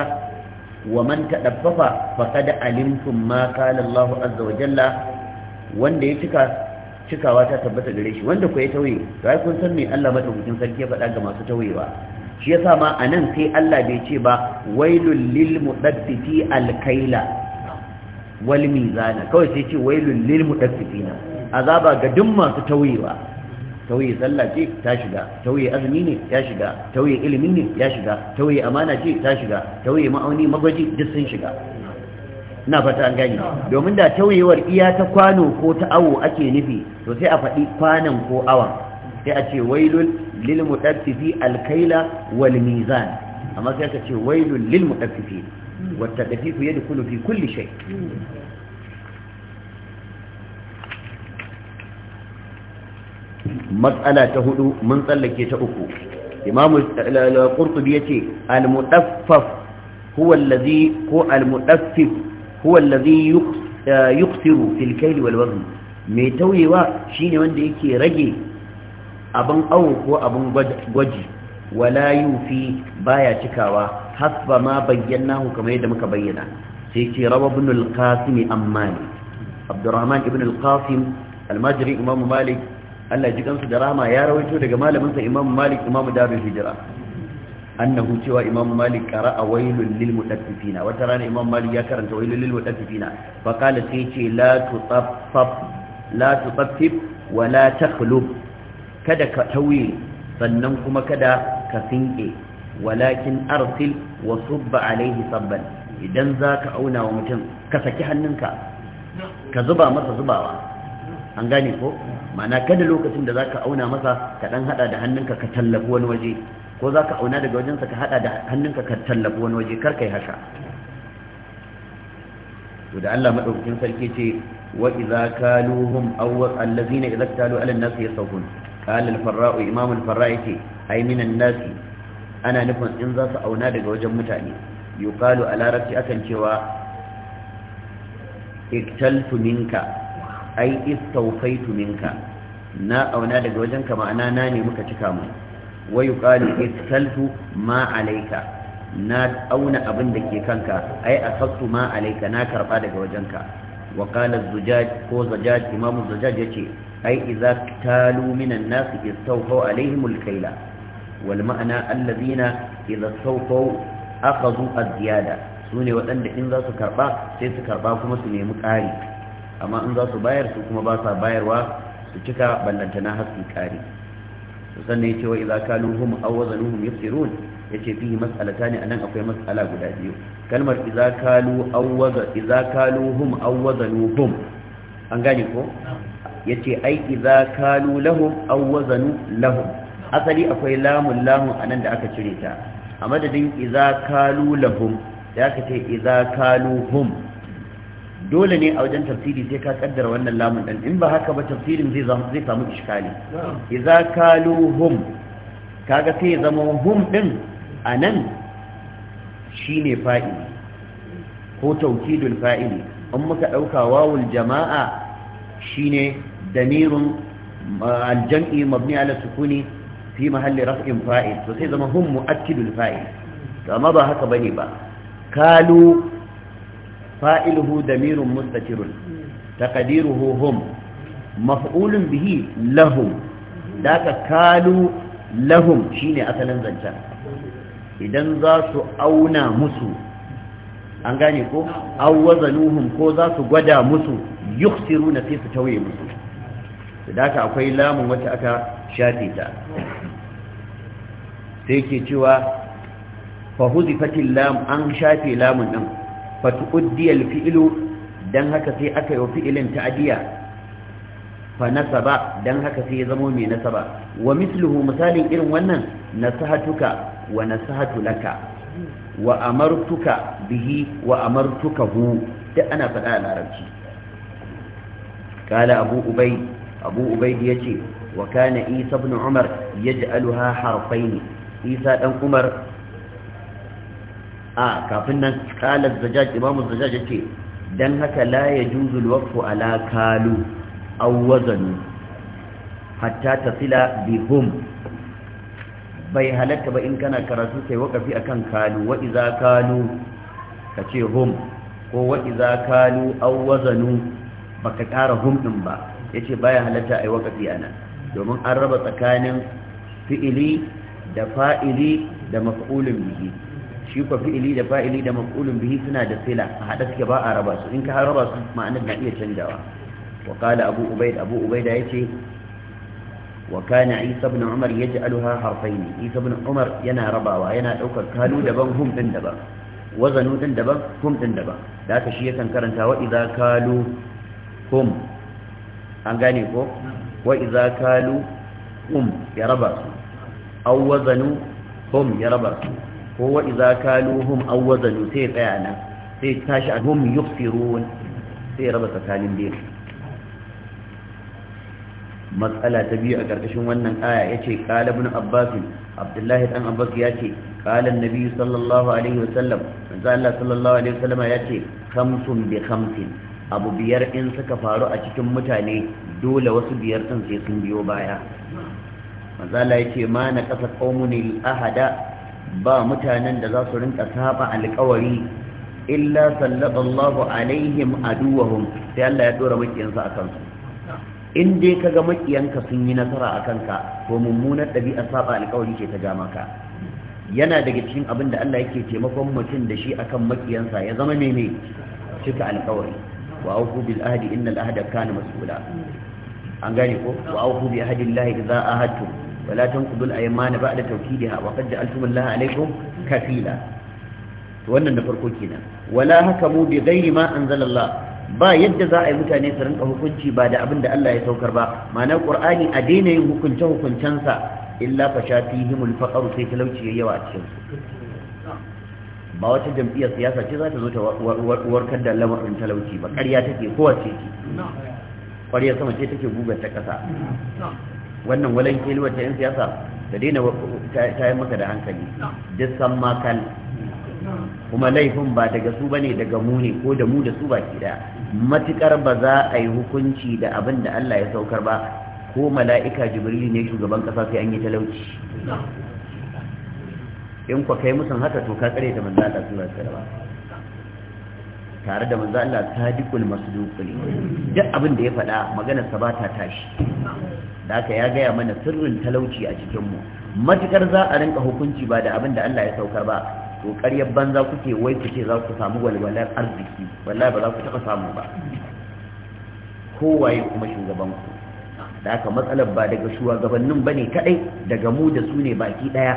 wa man tadaffafa faqad alimtum ma qala Allahu azza wa jalla wanda ya cika cikawa ta tabbata gare shi wanda ku ya tauye ga kun san me Allah madaukakin sarki ya faɗa ga masu tauyewa shi yasa ma anan sai Allah bai ce ba wailul lil mudaffiti alkaila wal mizana kawai sai ce wailul lil mudaffifina azaba ga duk masu tauyewa tauye sallah ce ta shiga tauye azumi ne ya shiga tauye ilimi ne ya shiga tauye amana ce ta shiga tauye ma'auni magwaji duk sun shiga na fata an gani domin da tauyewar iya ta kwano ko ta awo ake nufi to sai a faɗi kwanan ko awan sai a ce wailul lil mutaffifi alkaila wal mizan amma sai ka ce wailul lil mutaffifi wata dafifu yadkhulu fi kulli shay matsala ta hudu mun tsallake ta uku imamu eh, qurtubi yace al-mudaffaf huwa allazi ko al-mudaffif huwa allazi yuqsiru fil kayl wal wazn mai tauyewa shine wanda yake rage abin awo ko abin gwaji wala yufi baya cikawa hasba ma bayyanahu kamar yadda muka bayyana sai ce rawa ibn al-qasim ammani abdurrahman ibn al-qasim al-majri imam malik Allah ji da rahama ya rawaito daga malamin sa imam malik imam darul hijra annahu cewa imam malik qara'a wailul lil mutaffifina wata rana imam malik ya karanta wailul lil mutaffifina fa qala sai ce la tutaffaf la tutaffif wa la takhlub kada ka tauye sannan kuma kada ka sinke walakin arsil wa subba alaihi sabban idan zaka auna wa mutum ka saki hannunka ka zuba masa zubawa an gane ko ma'ana kada lokacin da zaka auna masa ka dan hada da hannunka ka tallafi wani waje ko za ka auna daga wajensa ka haɗa da hannunka ka tallafi wani waje kar kai haka to da Allah madaukakin sarki ce wa idza kaluhum aw allazina idza talu ala an-nas yasawun qala al-farra'u imam farrai ce ay min ana in za su auna daga wajen mutane yuqalu ala rafi akan cewa iktaltu minka ay istawfaitu minka na auna daga wajen ka ma'ana na ne muka cika mu wa yuqalu iskaltu ma alayka na auna abin da ke kanka ai asaktu ma alayka na karɓa daga wajen ka. qala zujaj ko zujaj imam zujaj yace ai idza talu minan nas istawfu alaihim alkayla wal ma'ana alladhina idza istawfu akhadhu az-ziyada sune waɗanda in za su karba sai su karɓa kuma su nemi ƙari amma in za su bayar su kuma ba bayarwa su cika na haske ƙari sannan ya ce wa idza kaluhum aw wazanuhum yusirun yace fihi mas'alata ne anan akwai mas'ala guda biyu kalmar iza kalu aw waza idza kaluhum aw wazanuhum an gane ko yace ai iza kalu lahum aw wazanu lahum asali akwai lamun lamun anan da aka cire ta a madadin iza kalu lahum da aka ce idza kaluhum dole ne a wajen tafsiri sai ka kaddara wannan lamun ɗin, in ba haka ba tafsirin zai samu iskali iza kaluhum hum kaga sai zama hum ɗin a nan shi ne fa'ili ko taukidul fa'ili in muka ɗauka wawul jama'a shine ne damirun aljam'i mabni ala sukuni fi mahalli raf'in fa'il to sai zama hum mu'akkidul fa'il to amma ba haka bane ba kalu fa'iluhu damirun mustatirun taqdiruhu hum maf'ulun bihi lahum daka kalu lahum shine asalin zancen idan za su auna musu an gane ko awwazanuhum ko za su gwada musu yukhsiruna sai su tauye musu daka akwai lamun wacce aka shafe ta sai ke cewa fa huzifatil lam an shafe lamun ɗin. فتؤدي الفئل دن هكا في أكا وفئل تأديا فنسب دن هكا في زمون نسب ومثله مثال إرم ونن نسهتك ونسهت لك وأمرتك به وأمرتكه تأنا فلا العربي قال أبو أبيد أبو أبيد يجي وكان إيسى بن عمر يجعلها حرفين إيسى بن عمر a kafin nan kalar zajaj imamu zajaj yake dan haka la yajuzu alwaqfu ala kalu aw wazanu hatta tasila bihum bai halatta ba in kana karatu sai wakafi akan kalu wa iza kalu ce hum ko wa iza kalu aw wazanu baka kara hum din ba yace baya halatta ai wakafi ana domin an raba tsakanin fi'ili da fa'ili da maf'ulun bihi shi kwa fi'ili da fa'ili da maf'ulun bihi suna da sila a haɗa suke ba a raba su in ka raba su ma'anar na iya canjawa wa qala abu ubayd abu ubayda yace wa kana isa ibn umar yaj'aluha harfayn isa ibn umar yana rabawa yana daukar kalu daban hum din daban wazanu din daban hum din daban da haka shi yakan karanta wa idza kalu hum an gane ko wa idza kalu hum ya raba su aw wazanu hum ya raba su ko wa idza kaluhum aw wazanu sai tsaya nan sai tashi hum yufsirun sai raba tsakanin biyu matsala ta biyu a ƙarƙashin wannan aya ya ce ƙala ibn abbas abdullahi dan abbas ya ce ƙala annabi sallallahu alaihi wasallam manzo Allah sallallahu alaihi wasallam ya ce khamsun bi khamsin abu biyar in suka faru a cikin mutane dole wasu biyar din sai sun biyo baya manzo Allah ya ce ma na kasa qaumuni ahada ba mutanen da za su rinka saba alƙawari illa sallaballahu alaihim aduwahum sai Allah ya dora makiyansa akan su in dai kaga makiyanka sun yi nasara akan ka to mummunar ɗabi'a saba alƙawari ke ta ga maka yana daga cikin abin da Allah yake taimakon mutum da shi akan makiyansa ya zama ne cika alƙawari wa auku bil ahdi innal ahda kana mas'ula an gane ko wa auku bi ahdillahi idza ahadtum wala tanqudu al-aymana ba'da tawkidiha wa qad ja'altum Allah alaykum kafila to wannan da farko kenan wala hakamu bi ghairi ma anzala Allah ba yadda za a yi mutane su rinka hukunci ba da abin da Allah ya saukar ba ma'ana Qur'ani a daina yin hukunce hukuncensa illa fashatihimul faqru sai talauci yawa a cikin ba wata jam'iyya siyasa ce za ta zo ta warkar da lamarin talauci ba ƙarya take kowace ce Ƙarya sama ce take gugar ta ƙasa wannan walan keluwar ta 'yan siyasa da daina ta maka da hankali jisan makal kuma laifin ba daga su bane daga mu ne ko da mu da su baki daya matukar ba za a yi hukunci da abin da Allah ya saukar ba ko mala'ika jibrili ne shugaban kasa sai an yi talauci in ku kai musan haka to ka tsare da manzo Allah sallallahu alaihi wasallam tare da manzo Allah sadiqul masduqul duk abin da ya faɗa maganar sabata ba ta tashi da haka ya gaya mana sirrin talauci a cikinmu matukar za a rinka hukunci ba da abin da Allah ya saukar ba to ƙaryar banza kuke wai kuke za ku samu walwalar arziki wallahi ba za ku taɓa samu ba kowaye kuma shugaban ku da haka matsalar ba daga shugabannin ba ne kaɗai daga mu da su ne baki ɗaya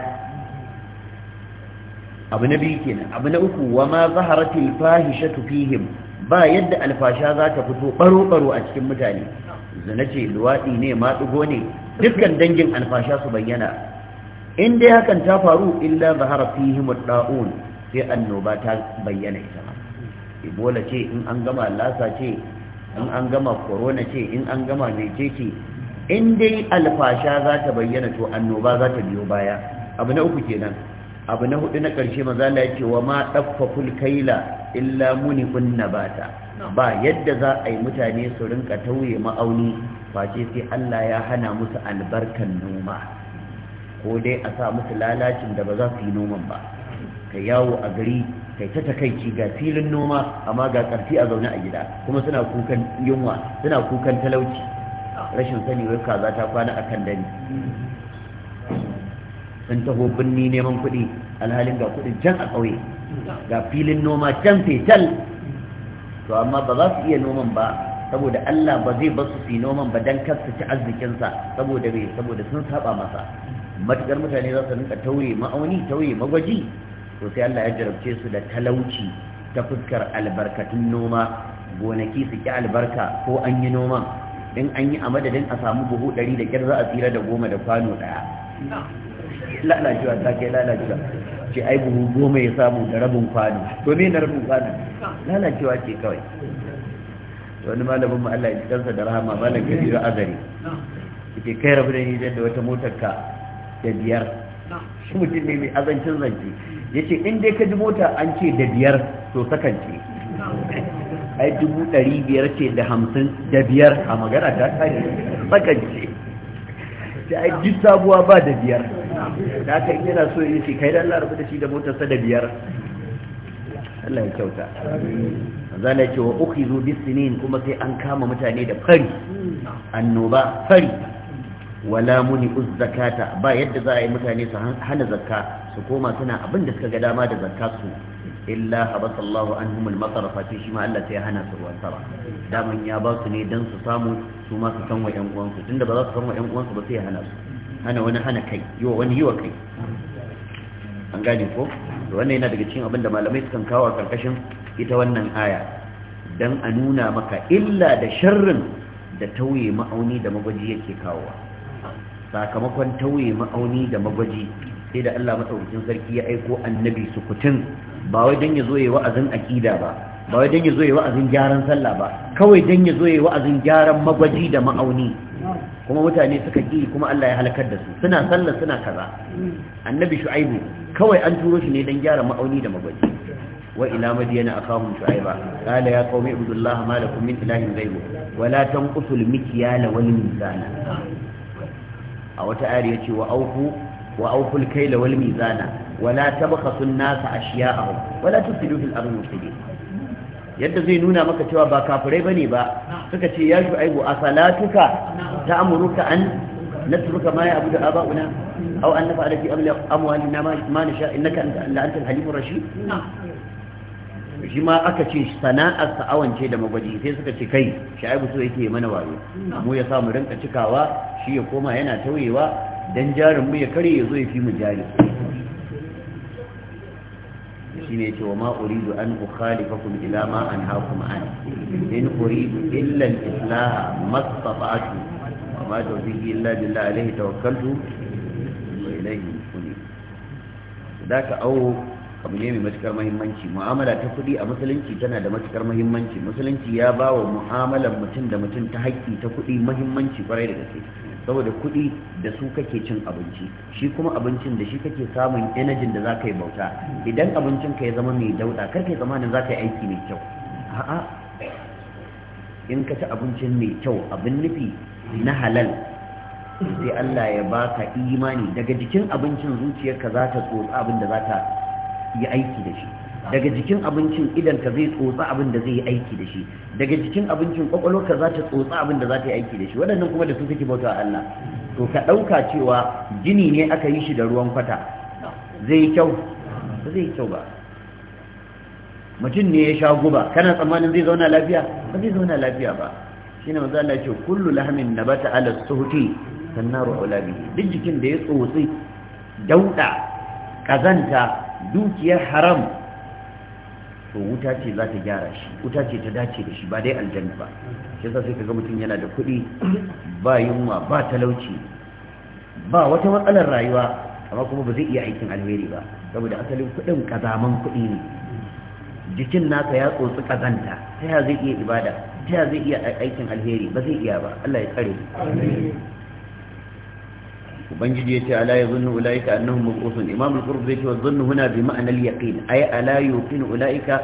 abu na biyu kenan abu na uku wa ma zaharatil fahishatu fihim ba yadda alfasha za ta fito baro-baro a cikin mutane na ce luwaɗi ne maɗigo ne dukkan dangin alfasha su bayyana in dai hakan ta faru illa zahara fihim da'un sai annoba ta bayyana ita ma ibola ce in an gama lasa ce in an gama corona ce in an gama mece ce in dai alfasha za ta bayyana to annoba za ta biyo baya abu na uku kenan abu na hudu na ƙarshe maza la ya ce wa ma ɗaffa kulkaila illa muni kun nabata ba yadda za a yi mutane su rinka tauye ma'auni face sai Allah ya hana musu albarkan noma ko dai a sa musu lalacin da ba za su yi noman ba ka yawo a gari kai ta takaici ga filin noma amma ga karfi a zaune a gida kuma suna kukan yunwa suna kukan talauci rashin sani wai kaza ta kwana a kan dani sun taho binni neman kuɗi alhalin ga kuɗi can a ƙauye ga filin noma can fetal to amma ba za su iya noman ba saboda Allah ba zai basu su noman ba dan kar su ci arzikinsa saboda bai saboda sun saba masa matukar mutane za su rinka tauye ma'auni tauye magwaji to sai Allah ya jarabce su da talauci ta fuskar albarkatun noma gonaki su ki albarka ko an yi noman in an yi a madadin a samu buhu ɗari da kyar za a tsira da goma da kwano ɗaya lalacewa ta kai lalacewa ce ai buhu goma ya samu da rabin kwano to me na rabin kwano lalacewa ce kawai wani malamin mu Allah ya ji kansa da rahama malam kabiru azari yake kai rabu da ni da wata motar ka da biyar shi mutum ne mai azancin zance yace in dai ka ji mota an ce da biyar to sakance. ai dubu ɗari biyar ce da hamsin da biyar a magana ta kare sakance. ce ai duk sabuwa ba da biyar da aka yana so yi ce kai da Allah da shi da motarsa da biyar Allah ya kyauta Zan ce wa zo bisinin kuma sai an kama mutane da fari annoba fari wala muni uzzakata ba yadda za a yi mutane su hana zakka su koma suna abin da suka ga dama da zakka su illa habata Allah anhum al shi ma Allah ta hana su ruwan sama daman ya ba su ne dan su samu su ma su san wa ƴan uwansu tunda ba za su san wa ƴan uwansu ba sai ya hana su hana wani hana kai yi wa wani yi wa kai an gani ko wannan yana daga cikin abinda malamai sukan kawo a karkashin ita wannan aya don a nuna maka illa da sharrin da tauye ma'auni da magwaji yake kawowa sakamakon tauye ma'auni da magwaji sai da Allah matsaukacin sarki ya aiko annabi sukutin ba wai don ya zo yi wa'azin aƙida ba ba wai don ya zo yi wa'azin gyaran sallah ba kawai don ya zo yi wa'azin gyaran magwaji da ma'auni kuma mutane suka ƙi kuma Allah ya halakar da su suna sallar suna kaza annabi shu'aibu kawai an turo shi ne don gyara ma'auni da magwaji wa ila madiyana akahum shu'aiba qala ya qaumi ibudullah ma lakum min ilahin ghayru wa la tanqusul mikyala wal mizana a wata ayar yace wa auku wa awful kayla wal mizana wa la tabkhasun nasa ashya'ahum wa la tufsidu fil ardi mufsidin yadda zai nuna maka cewa ba kafirai bane ba suka ce ya shu'aibu ta ta'muruka an نترك ما يعبد آباؤنا أو أن نفعل في أموالنا ما نشاء إنك لأنت الحليم الرشيد shi ma aka ce sana'arsa awance da magwaji sai suka ce kai sha'ibu so yake mana wayo mu ya samu rinka cikawa shi ya koma yana tauyewa dan jarin mu ya kare ya zo ya fi mu jari shine ce wa ma uridu an ukhalifakum ila ma anhaakum an in uridu illa al-islaha wa ma tawfiqi illa billah alayhi tawakkaltu wa ilayhi unib ka au abu ne mai matukar muhimmanci mu'amala ta kudi a musulunci tana da matukar muhimmanci musulunci ya ba wa mu'amalar mutum da mutum ta haƙƙi ta kudi muhimmanci kwarai da gaske saboda kuɗi da su kake cin abinci shi kuma abincin da shi kake samun enajin da za ka yi bauta idan abincin ka ya zama mai dauɗa kar kai zamanin za ka yi aiki mai kyau a'a in ka ci abincin mai kyau abin nufi na halal sai Allah ya baka imani daga jikin abincin zuciyarka za ta tsotsa abin da za ta yi aiki da shi daga jikin abincin idan ka zai tsotsa abin da zai yi aiki da shi daga jikin abincin kwakwalwarka za ta tsotsa abin da za ta yi aiki da shi waɗannan kuma da su suke bauta a Allah to ka ɗauka cewa jini ne aka yi shi da ruwan kwata zai yi kyau ba zai yi kyau ba mutum ne ya sha guba kana tsammanin zai zauna lafiya ba zai zauna lafiya ba ne maza Allah ce kullu lahmin nabata ala suhuti sannan ruwa bihi duk jikin da ya tsotsi dauɗa, kazanta dukiyar haram to wuta ce za ta gyara shi wuta ce ta dace da shi ba dai aljanna ba shi yasa sai kaga mutum yana da kuɗi ba yunwa ba talauci ba wata matsalar rayuwa amma kuma ba zai iya aikin alheri ba saboda asalin kuɗin kazaman kuɗi ne jikin naka ya tsotsi kazanta ta ya zai iya ibada ta ya zai iya aikin alheri ba zai iya ba Allah ya tsare ubangiji yace ala yazunnu ulaika annahum mabusun imam al ce yace wazunnu huna bi ma'na al-yaqin ay ala ulaika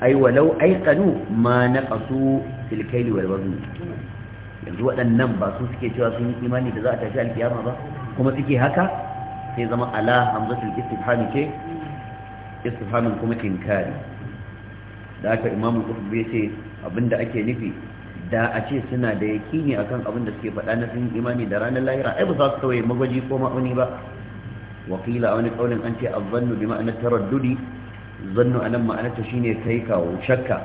ay walau ayqanu ma naqasu fil kayl wal wazn yanzu waɗannan ba su suke cewa sun yi imani da za a tafi alkiyama ba kuma suke haka sai zama ala hamzatul istifhami ce istifhamin kuma kinkari. da aka imam al-qurtubi yace abinda ake nufi da a ce suna da yakini akan abin da suke faɗa na sun imani da ranar lahira ai ba za su kawai magwaji ko ma'auni ba wakila a wani kaulin an ce azzannu bi ma'anar taraddudi zannu a nan ma'anarta shine kai kawo shakka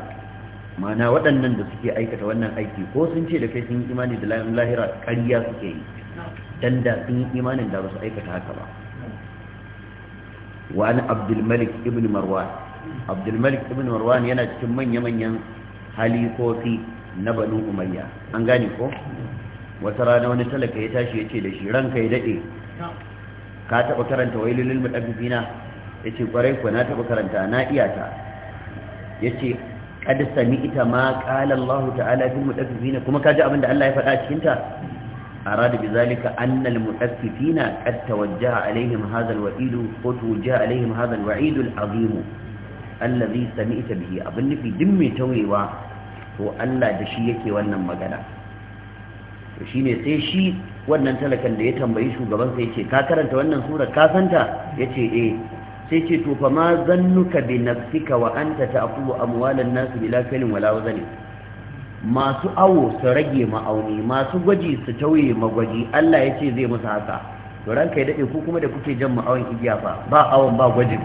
ma'ana waɗannan da suke aikata wannan aiki ko sun ce da kai sun imani da ranar lahira ƙarya suke yi dan da sun yi imanin da ba su aikata haka ba wa an abdulmalik ibn marwan abdulmalik ibn marwan yana cikin manya-manyan halifofi na banu umayya an gane ko wata rana wani talaka ya tashi ya ce da shi ranka ya daɗe ka taɓa karanta wailulil muɗabbibina ya ce ƙwarai ku na taɓa karanta na iya ta ya ce kada sami ita ma ƙala Allah ta'ala fil kuma ka ji abin da Allah ya faɗa a cikinta أراد بذلك أن المؤففين قد توجه عليهم هذا الوعيد وتوجه عليهم هذا الوعيد العظيم الذي سمعت به أظن في mai tawayewa. to Allah da shi yake wannan magana to shine sai shi wannan talakan da ya tambayi shugaban sai yace ka karanta wannan sura ka santa yace eh sai ce to fa ma zannuka bi nafsika wa anta ta'kulu amwalan nas bila kalin wala wazani masu awo su rage ma'auni masu gwaji su tauye magwaji Allah yace zai musu haka to ranka ya dade ku kuma da kuke jan ma'awin igiya fa ba awon ba gwajin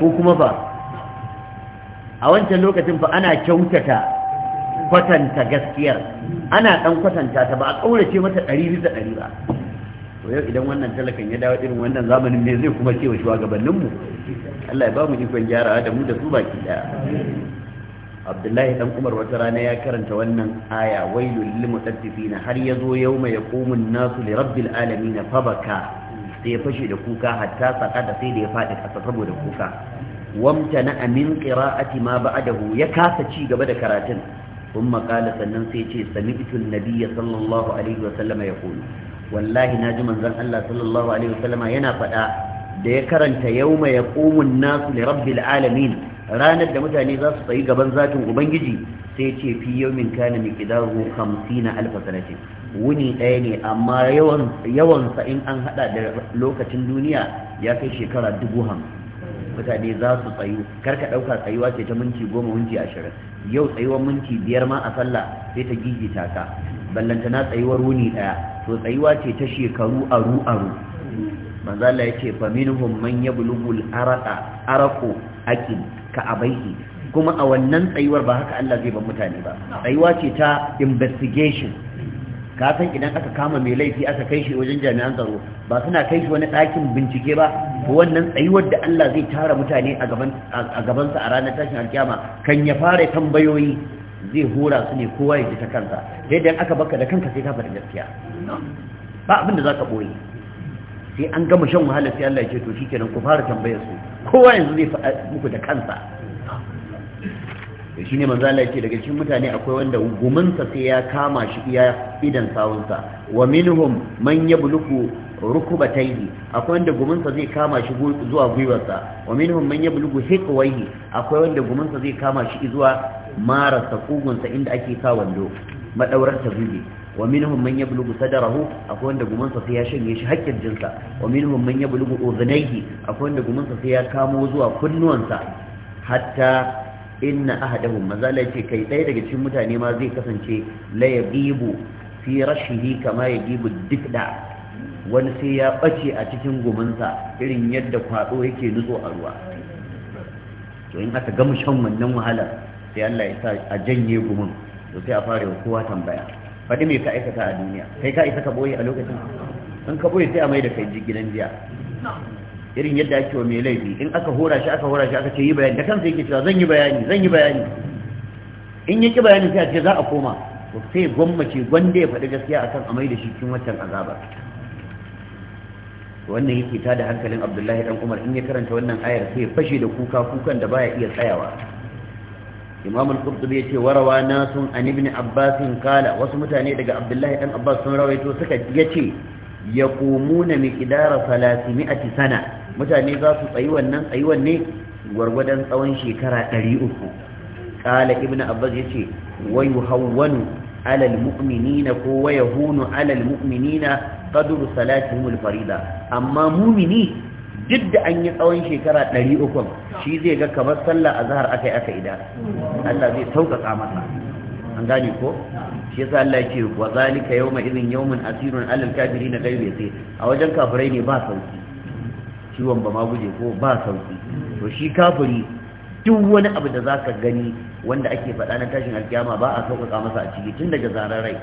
ko kuma ba a wancan lokacin fa ana kyautata kwatanta gaskiyar ana dan kwatanta ta ba a kaurace mata ɗari bisa ɗari ba to yau idan wannan talakan ya dawo irin wannan zamanin ne zai kuma cewa shugabanninmu Allah ya ba mu ikon gyara da mu da su baki daya abdullahi dan umar wata rana ya karanta wannan aya wailul lil mutaffifin har yazo yawma yaqumun nasu li rabbil alamin fabaka sai ya fashe da kuka hatta saka da sai da ya fadi kasa saboda kuka wamtana amin qira'ati ma ba'dahu ya kasa ci gaba da karatun ثم قال سنن سيتي سمعت النبي صلى الله عليه وسلم يقول Wallahi ناجي منزل الله صلى الله wa وسلم yana fada da ya karanta yauma yaqumu an-nasu li rabbil alamin ranar da mutane za su tsayi gaban zatin ubangiji sai ce fi yawmin kana miqdaru 50000 sanati wuni ɗaya ne amma yawan yawan sa in an hada da lokacin duniya ya kai shekara 50 mutane za su tsayu kar ka ɗauka tsayuwa ce ta minti goma minti ashirin yau tsayuwar minti biyar ma a sallah sai ta gigita ka ballantana tsayuwar wuni ɗaya to tsayuwa ce ta shekaru aru aru manzo Allah yace fa minhum man yablughu al-araqa araqu aqim ka abaihi kuma a wannan tsayuwar ba haka Allah zai bar mutane ba tsayuwa ce ta investigation ka san idan aka kama mai laifi aka kai shi wajen jami'an tsaro ba suna kai shi wani ɗakin bincike ba wannan tsayuwar da Allah zai tara mutane a gabansa a ranar tashin alkiyama kan ya fara tambayoyi zai hura su ne kowa ya ji ta kansa sai idan aka baka da kanka sai ka faɗi gaskiya ba abin za ka ɓoye sai an gama shan wahala sai Allah ya ce to shikenan ku fara tambayar su kowa yanzu zai faɗa muku da kansa to shine manzo Allah yake daga cikin mutane akwai wanda gumunsa sai ya kama shi iya idan sawunsa wa minhum man yabluku rukubataihi akwai wanda gumunsa zai kama shi zuwa gwiwarsa wa minhum man yabluku hiqwaihi akwai wanda gumunsa zai kama shi zuwa marasa kugunsa inda ake sa wando madaurar ta gube wa minhum man yablughu sadarahu akwai wanda gumansa sai ya shanye shi hakkin jinsa wa minhum man yablughu udhunayhi akwai wanda gumansa sai ya kamo zuwa kunnuwansa hatta inna ahadahum maza Allah yace kai dai daga cikin mutane ma zai kasance la yagibu fi rashihi kama yagibu dikda wani sai ya bace a cikin gumunsa irin yadda kwado yake nutso a ruwa to in aka gama shan wannan wahalar sai Allah ya sa a janye gumin to sai a fara wa kowa tambaya faɗi me ka aikata a duniya kai ka isa ka boye a lokacin in ka boye sai a mai da kai gidan jiya irin yadda ake wa mai laifi in aka hora shi aka hora shi aka ce yi bayani da kansa yake cewa zan yi bayani zan yi bayani in yake bayanin sai a ce za a koma to sai gwammace gwanda ya faɗi gaskiya akan a mai da shi cikin waccan azaba wannan yake ta da hankalin abdullahi dan umar in ya karanta wannan ayar sai ya fashe da kuka kukan da baya iya tsayawa imam al-qurtubi yace warawa sun an ibn abbas kala wasu mutane daga abdullahi dan abbas sun rawaito suka yace yaqumuna miqdara 300 sana mutane za su tsayi wannan tsayuwan ne gwargwadon tsawon shekara 300 kala ibn abbas yace wa yuhawwanu ala almu'minina ko wa yahunu ala almu'minina qadru salatihim alfarida amma mu'mini duk da an yi tsawon shekara 300 shi zai ga kamar sallah azhar akai aka ida Allah zai sauƙaƙa masa an gane ko shi yasa Allah yake wa zalika yawma idhin yawmun asirun alal kafirin ghayr yasir a wajen kafirai ne ba sauki ciwon ba ma guje ko ba sauki to shi kafiri duk wani abu da zaka gani wanda ake faɗa na tashin alkiyama ba a sauƙaƙa masa a ciki tun daga zarar rai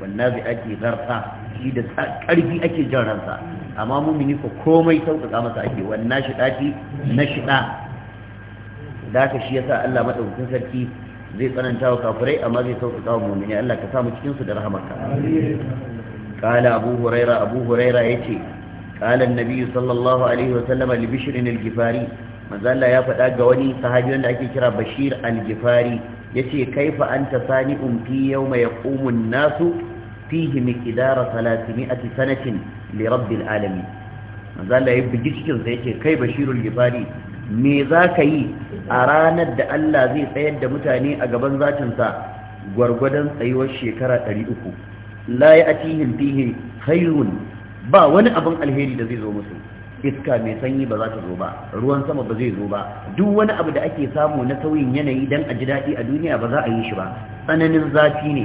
wannan bi ake zarta shi da ƙarfi ake jan ransa amma mumini ko komai sauƙaƙa masa ake wannan shiɗa na shiɗa da ka shi yasa Allah madaukakin sarki zai tsananta wa kafirai amma zai sauƙaƙa wa mumini Allah ka samu cikin su da rahamarka qala abu huraira abu ya ce. قال النبي صلى الله عليه وسلم لبشر الجفاري ya faɗa ga wani sahabi wanda ake kira Bashir al ce yace kaifa anta sani'un fi yawma yaqumu an-nasu fihi miqdara 300 sanatin li rabbil alamin manzo ya bugi cikin sa yace kai Bashir al-Gifari me zaka yi a ranar da Allah zai tsayar da mutane a gaban zatin sa gwargwadon tsayuwar shekara 300 la ya'tihim fihi khayrun ba wani abin alheri da zai zo musu iska mai sanyi ba za ta zo ba ruwan sama ba zai zo ba duk wani abu da ake samu na sauyin yanayi dan a ji daɗi a duniya ba za a yi shi ba tsananin zafi ne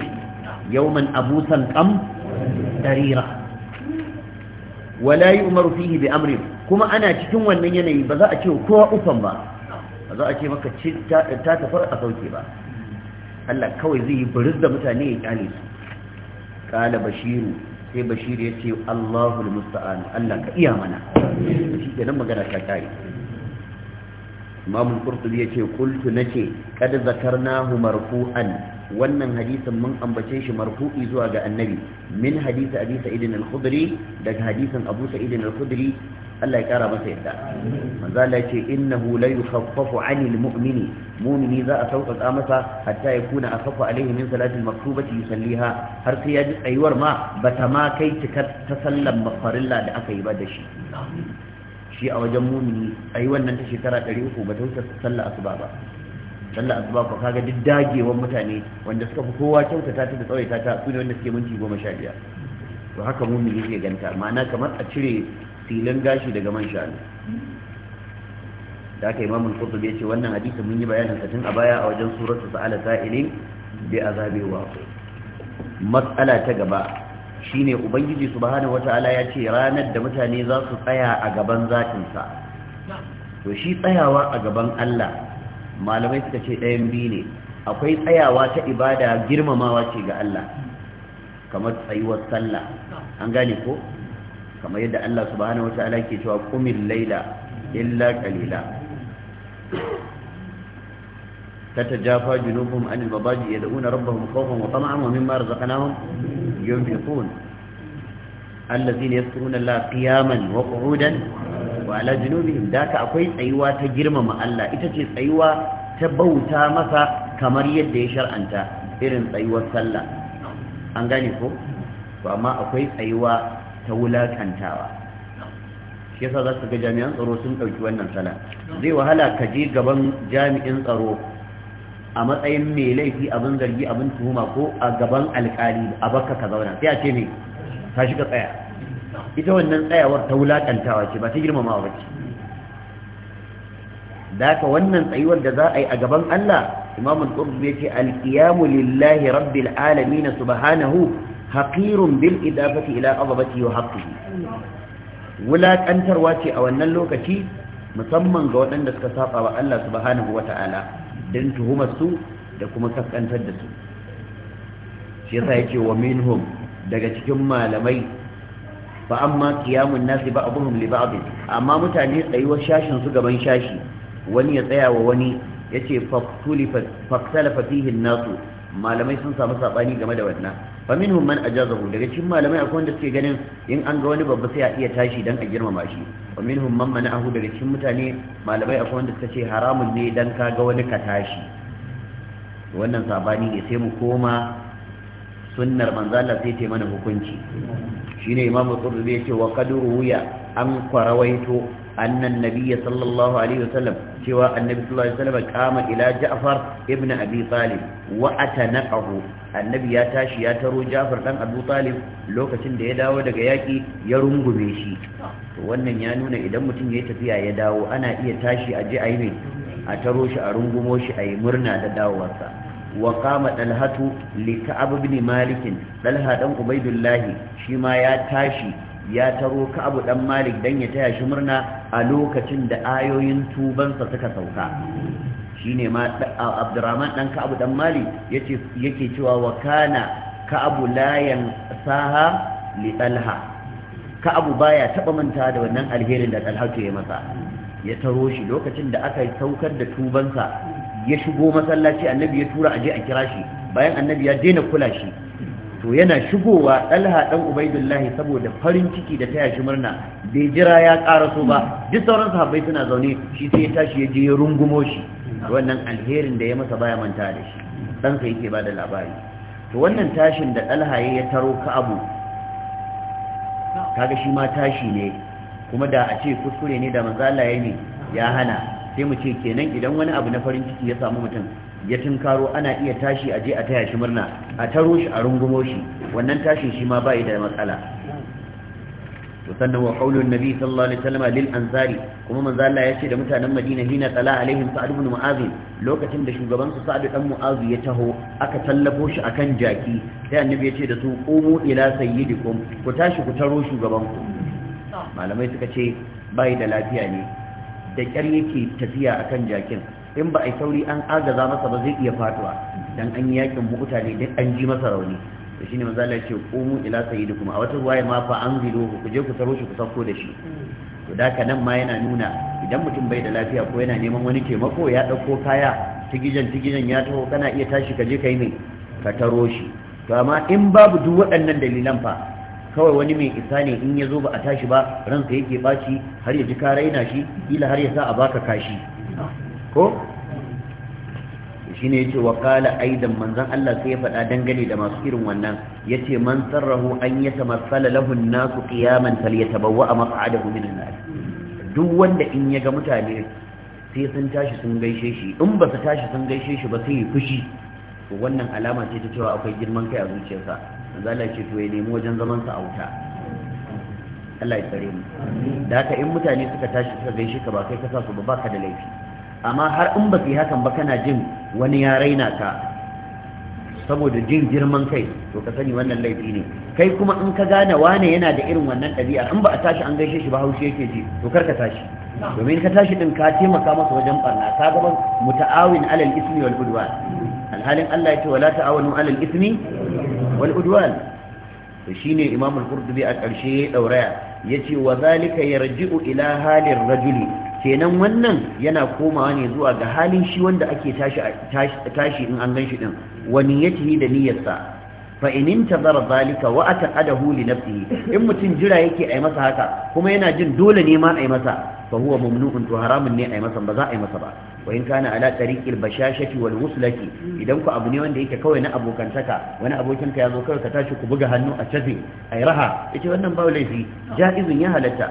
yawman abusan kam darira wala Umar fihi bi amrin kuma ana cikin wannan yanayi ba za a ce kowa ufan ba ba za a ce maka ta tafar a sauke ba Allah kawai zai yi buriz da mutane ya kyale su bashiru sai bashir ya ce Allahul musta'an Allah ka iya mana shi kenan magana ta kai Imam Qurtubi ya ce kultu nace kad zakarnahu marfu'an wannan hadisin mun ambace shi marfu'i zuwa ga annabi min hadisi abi sa'id al-khudri daga hadisin abu Saidin al-khudri Allah ya kara masa yadda manzo Allah ya ce innahu la yukhaffafu 'anil mu'mini mu'mini za a sauƙaƙa masa hatta ya kuna akhaffa alaihi min salatil maktubati yusalliha har sai ya ji tsayuwar ma bata ma kai cikar ta sallan mafarilla da aka yi ba da shi shi a wajen mumini a yi wannan ta shekara 300 ba ta wuce sallah asuba ba sallah asuba ko kaga duk dagewan mutane wanda suka fi kowa kyautata ta da tsawaita ta su ne wanda suke minti goma sha biyar to haka mumini zai ganta ma'ana kamar a cire filin gashi daga man shanu da aka imamu al-qurtubi yace wannan hadisi mun yi bayanin sa tun a baya a wajen suratu sa'ala sa'ilin bi azabi wa mas'ala ta gaba shine ubangiji subhanahu wataala ce ranar da mutane za su tsaya a gaban zatin sa to shi tsayawa a gaban Allah malamai suka ce ɗayan biyu ne akwai tsayawa ta ibada girmamawa ce ga Allah kamar tsayuwar sallah an gane ko kamar yadda Allah subhanahu wataala ke cewa kumin laila illa qalila تتجافى جنوبهم عن المضاجع يدعون ربهم خوفا وطمعا ومما رزقناهم ينفقون الذين يذكرون الله قياما وقعودا وعلى da ka akwai tsayuwa ta girmama Allah ita ce tsayuwa ta bauta masa kamar yadda ya shar'anta irin tsayuwar sallah an gane ko to amma akwai tsayuwa ta wulakantawa shi yasa za su ga jami'an tsaro sun ɗauki wannan sala zai wahala ka je gaban jami'in tsaro a matsayin mai laifi abin zargi abin tuhuma ko a gaban alkali a baka ka zauna sai a ce ne ta shiga tsaya ita wannan tsayawar ta wulakantawa ce ba ta girmamawa ba ce da haka wannan tsayuwar da za a yi a gaban Allah imamul qurbi yace ce qiyamu lillahi rabbil alamin subhanahu Hakirun bil idafati ila qadabati wa haqqihi wulakantarwa ce a wannan lokaci musamman ga waɗanda suka saba wa Allah subhanahu wata'ala don tuhumar su da kuma kaskantar da su shi yasa wa minhum daga cikin malamai fa amma qiyamun nasi ba'dhum li ba'd amma mutane tsayuwar shashin su gaban shashi wani ya tsaya wa wani yace faqtulifa faqtalafa fihi nasu malamai sun samu sabani game da wannan fa minhum man ajazahu daga cikin malamai akwai wanda suke ganin in an ga wani babba sai a iya tashi dan a girmama shi wa minhum man mana'ahu daga cikin mutane malamai akwai wanda suka ce haramun ne dan ka ga wani ka tashi wannan sabani ne sai mu koma sunnar manzo Allah sai ta mana hukunci shine imamu qurbi yace wa qadru ya an kwarawaito أن النبي صلى الله عليه وسلم سوى النبي صلى الله عليه وسلم قام إلى جعفر ابن أبي طالب وأتنقه النبي يا تاشي يا ترو جعفر كان أبو طالب لو كتن دي داو ياكي بيشي wannan ya nuna idan mutum ya tafiya ya dawo ana iya tashi a je a mai a taro shi a rungumo shi a yi murna da dawowarsa wa qama dalhatu li ka'ab ibn malik dalha ya tashi ya taro abu dan malik dan ya taya shi murna a lokacin da ayoyin tubansa suka sauka shine ma abdurrahman dan abu dan malik yace yake cewa wa kana ka'abu layan saha li talha ka'abu baya taba manta da wannan alherin da talha ya masa ya taro shi lokacin da aka saukar da tubansa ya shigo masallaci annabi ya tura aje a kira shi bayan annabi ya daina kula shi to yana shigowa ɗalha ɗan ubaidullahi saboda farin ciki da taya shi murna bai jira ya ƙaraso ba duk sauran sahabbai suna zaune shi sai ya tashi ya je ya rungumo shi wannan alherin da ya masa baya manta da shi sai yake ba da labari to wannan tashin da ɗalha ya taro ka abu kaga shi ma tashi ne kuma da a ce kuskure ne da manzo Allah ya ne ya hana sai mu ce kenan idan wani abu na farin ciki ya samu mutum ya tunkaro ana iya tashi a je a taya shi murna a taro shi a rungumo shi wannan tashin shi ma bai da matsala to sannan wa qaulun nabi sallallahu alaihi wasallam lil ansari kuma manzo Allah ya ce da mutanen Madina hina tala alaihim sa'd ibn lokacin da shugaban su sa'd dan ya taho aka tallafo shi akan jaki sai annabi ya ce da su qumu ila sayyidikum ku tashi ku taro shugaban ku malamai suka ce bai da lafiya ne da kyar yake tafiya akan jakin in ba a sauri an agaza masa ba zai iya fatuwa dan an yi yakin mu'uta ne duk an ji masa rauni to shine manzo Allah ce qumu ila kuma a wata ruwaya ma fa anziluhu ku je ku taro shi ku sauko da shi to daka nan ma yana nuna idan mutum bai da lafiya ko yana neman wani taimako ya ɗauko kaya tigijan tigijan ya taho kana iya tashi ka je kai mai ka taro shi to amma in babu duk waɗannan dalilan fa kawai wani mai isa ne in ya zo ba a tashi ba ransa yake baci har ya ji ka raina shi kila har ya sa a baka kashi ko shi ne yace wa qala aidan manzon Allah sai ya faɗa dangane da masu irin wannan yace man sarrahu an yatamassala lahu an nas qiyaman falyatabawwa maq'adahu min an-nar duk wanda in ya ga mutane sai sun tashi sun gaishe shi in ba su tashi sun gaishe shi ba sai ya fushi to wannan alama ce ta cewa akwai girman kai a zuciyarsa manzo Allah ce to ya nemi wajen zaman sa auta Allah ya tsare mu da haka in mutane suka tashi suka gaishe ka ba kai ka sa su ba baka da laifi amma har in ba yi hakan ba kana jin wani ya raina ka saboda jin girman kai to ka sani wannan laifi ne kai kuma in ka gane wane yana da irin wannan ɗabi'ar in ba a tashi an gaishe shi ba haushi yake ji to kar ka tashi domin ka tashi din ka taimaka masa wajen barna ka ga muta'awin alal ismi wal udwan alhalin Allah ya ce wala ta'awanu alal ismi wal udwan to shine Imam al-Qurtubi a ƙarshe ya dauraya yace wa zalika yarji'u ila halir rajuli kenan wannan yana komawa ne zuwa ga halin shi wanda ake tashi in an gan shi din wani yake da niyyarsa fa'ininta in intazara zalika wa ataqadahu huli nafsihi in mutum jira yake ai masa haka kuma yana jin dole ne ma a masa fa huwa mamnu'un to haramun ne a masa ba za a yi masa ba wa in kana ala tariqil bashashati wal wuslati idan ku abu ne wanda yake kawai na abokantaka wani abokinka ya zo kawai ka tashi ku buga hannu a tafi ai raha ita wannan ba laifi jaizun ya halatta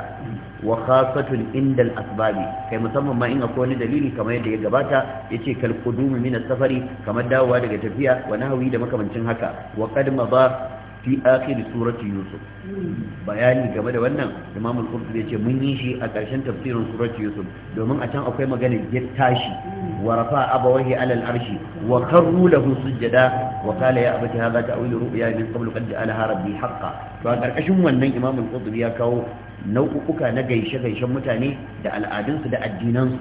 wa khasatun inda asbabi kai musamman ma in akwai wani dalili kamar yadda ya gabata ce kal qudumi min safari kamar dawowa daga tafiya wa nahwi da makamancin haka wa qad ba fi akhir surati yusuf bayani game da wannan imam al-qurtubi yace mun yi shi a ƙarshen tafsirin surati yusuf domin a can akwai magana ya tashi wa rafa abawahi ala al-arshi wa karru lahu sujada wa qala ya abati hadha ta'wilu ru'ya min qabl qad ja'alaha rabbi haqqan to a ƙarƙashin wannan imam al-qurtubi ya kawo nau'uka na gaishe-gaishen mutane da al'adunsu da addinansu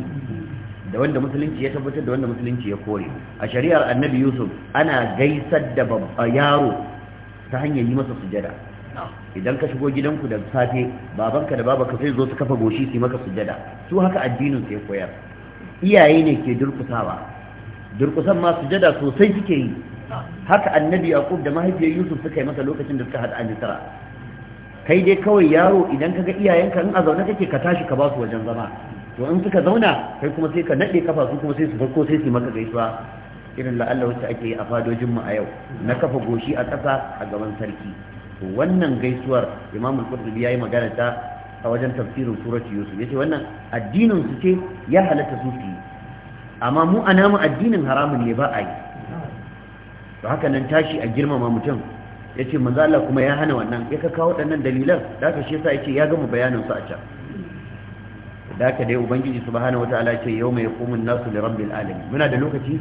da wanda musulunci ya tabbatar da wanda musulunci ya kore a shari'ar annabi yusuf ana gaisar da yaro ta hanyar yi masa sujada idan ka shigo gidanku da safe babanka da babanka sai zo su kafa goshi su yi maka sujada su haka addinin sai koyar iyaye ne ke durkusawa durkusan ma sujada sosai suke yi haka annabi yaqub da mahaifiyar yusuf suka yi masa lokacin da suka hada a misra kai dai kawai yaro idan kaga iyayenka in a zaune kake ka tashi ka ba su wajen zama to in suka zauna kai kuma sai ka naɗe kafa su kuma sai su farko sai su maka gaisuwa irin la'alla wacce ake yi a fadojinmu a yau na kafa goshi a ƙasa a gaban sarki wannan gaisuwar imam al-qurtubi yayi magana ta a wajen tafsirin surati yusuf yace wannan addinin su ce ya halatta su amma mu a namu addinin haramun ne ba a yi to haka nan tashi a girmama mutum yace manzo Allah kuma ya hana wannan ya ka kawo waɗannan dalilan da shi yasa yace ya gama bayanin su a can da haka dai ubangiji subhanahu wataala yace yawma yaqumun nasu li rabbil alamin muna da lokaci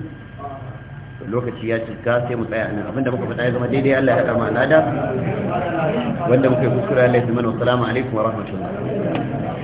lokaci ya cika sai mu tsaya nan abinda muka faɗa ya zama daidai Allah ya haɗa ma lada wanda muka yi kuskure Allah ya zama wa salamu alaikum wa rahmatullahi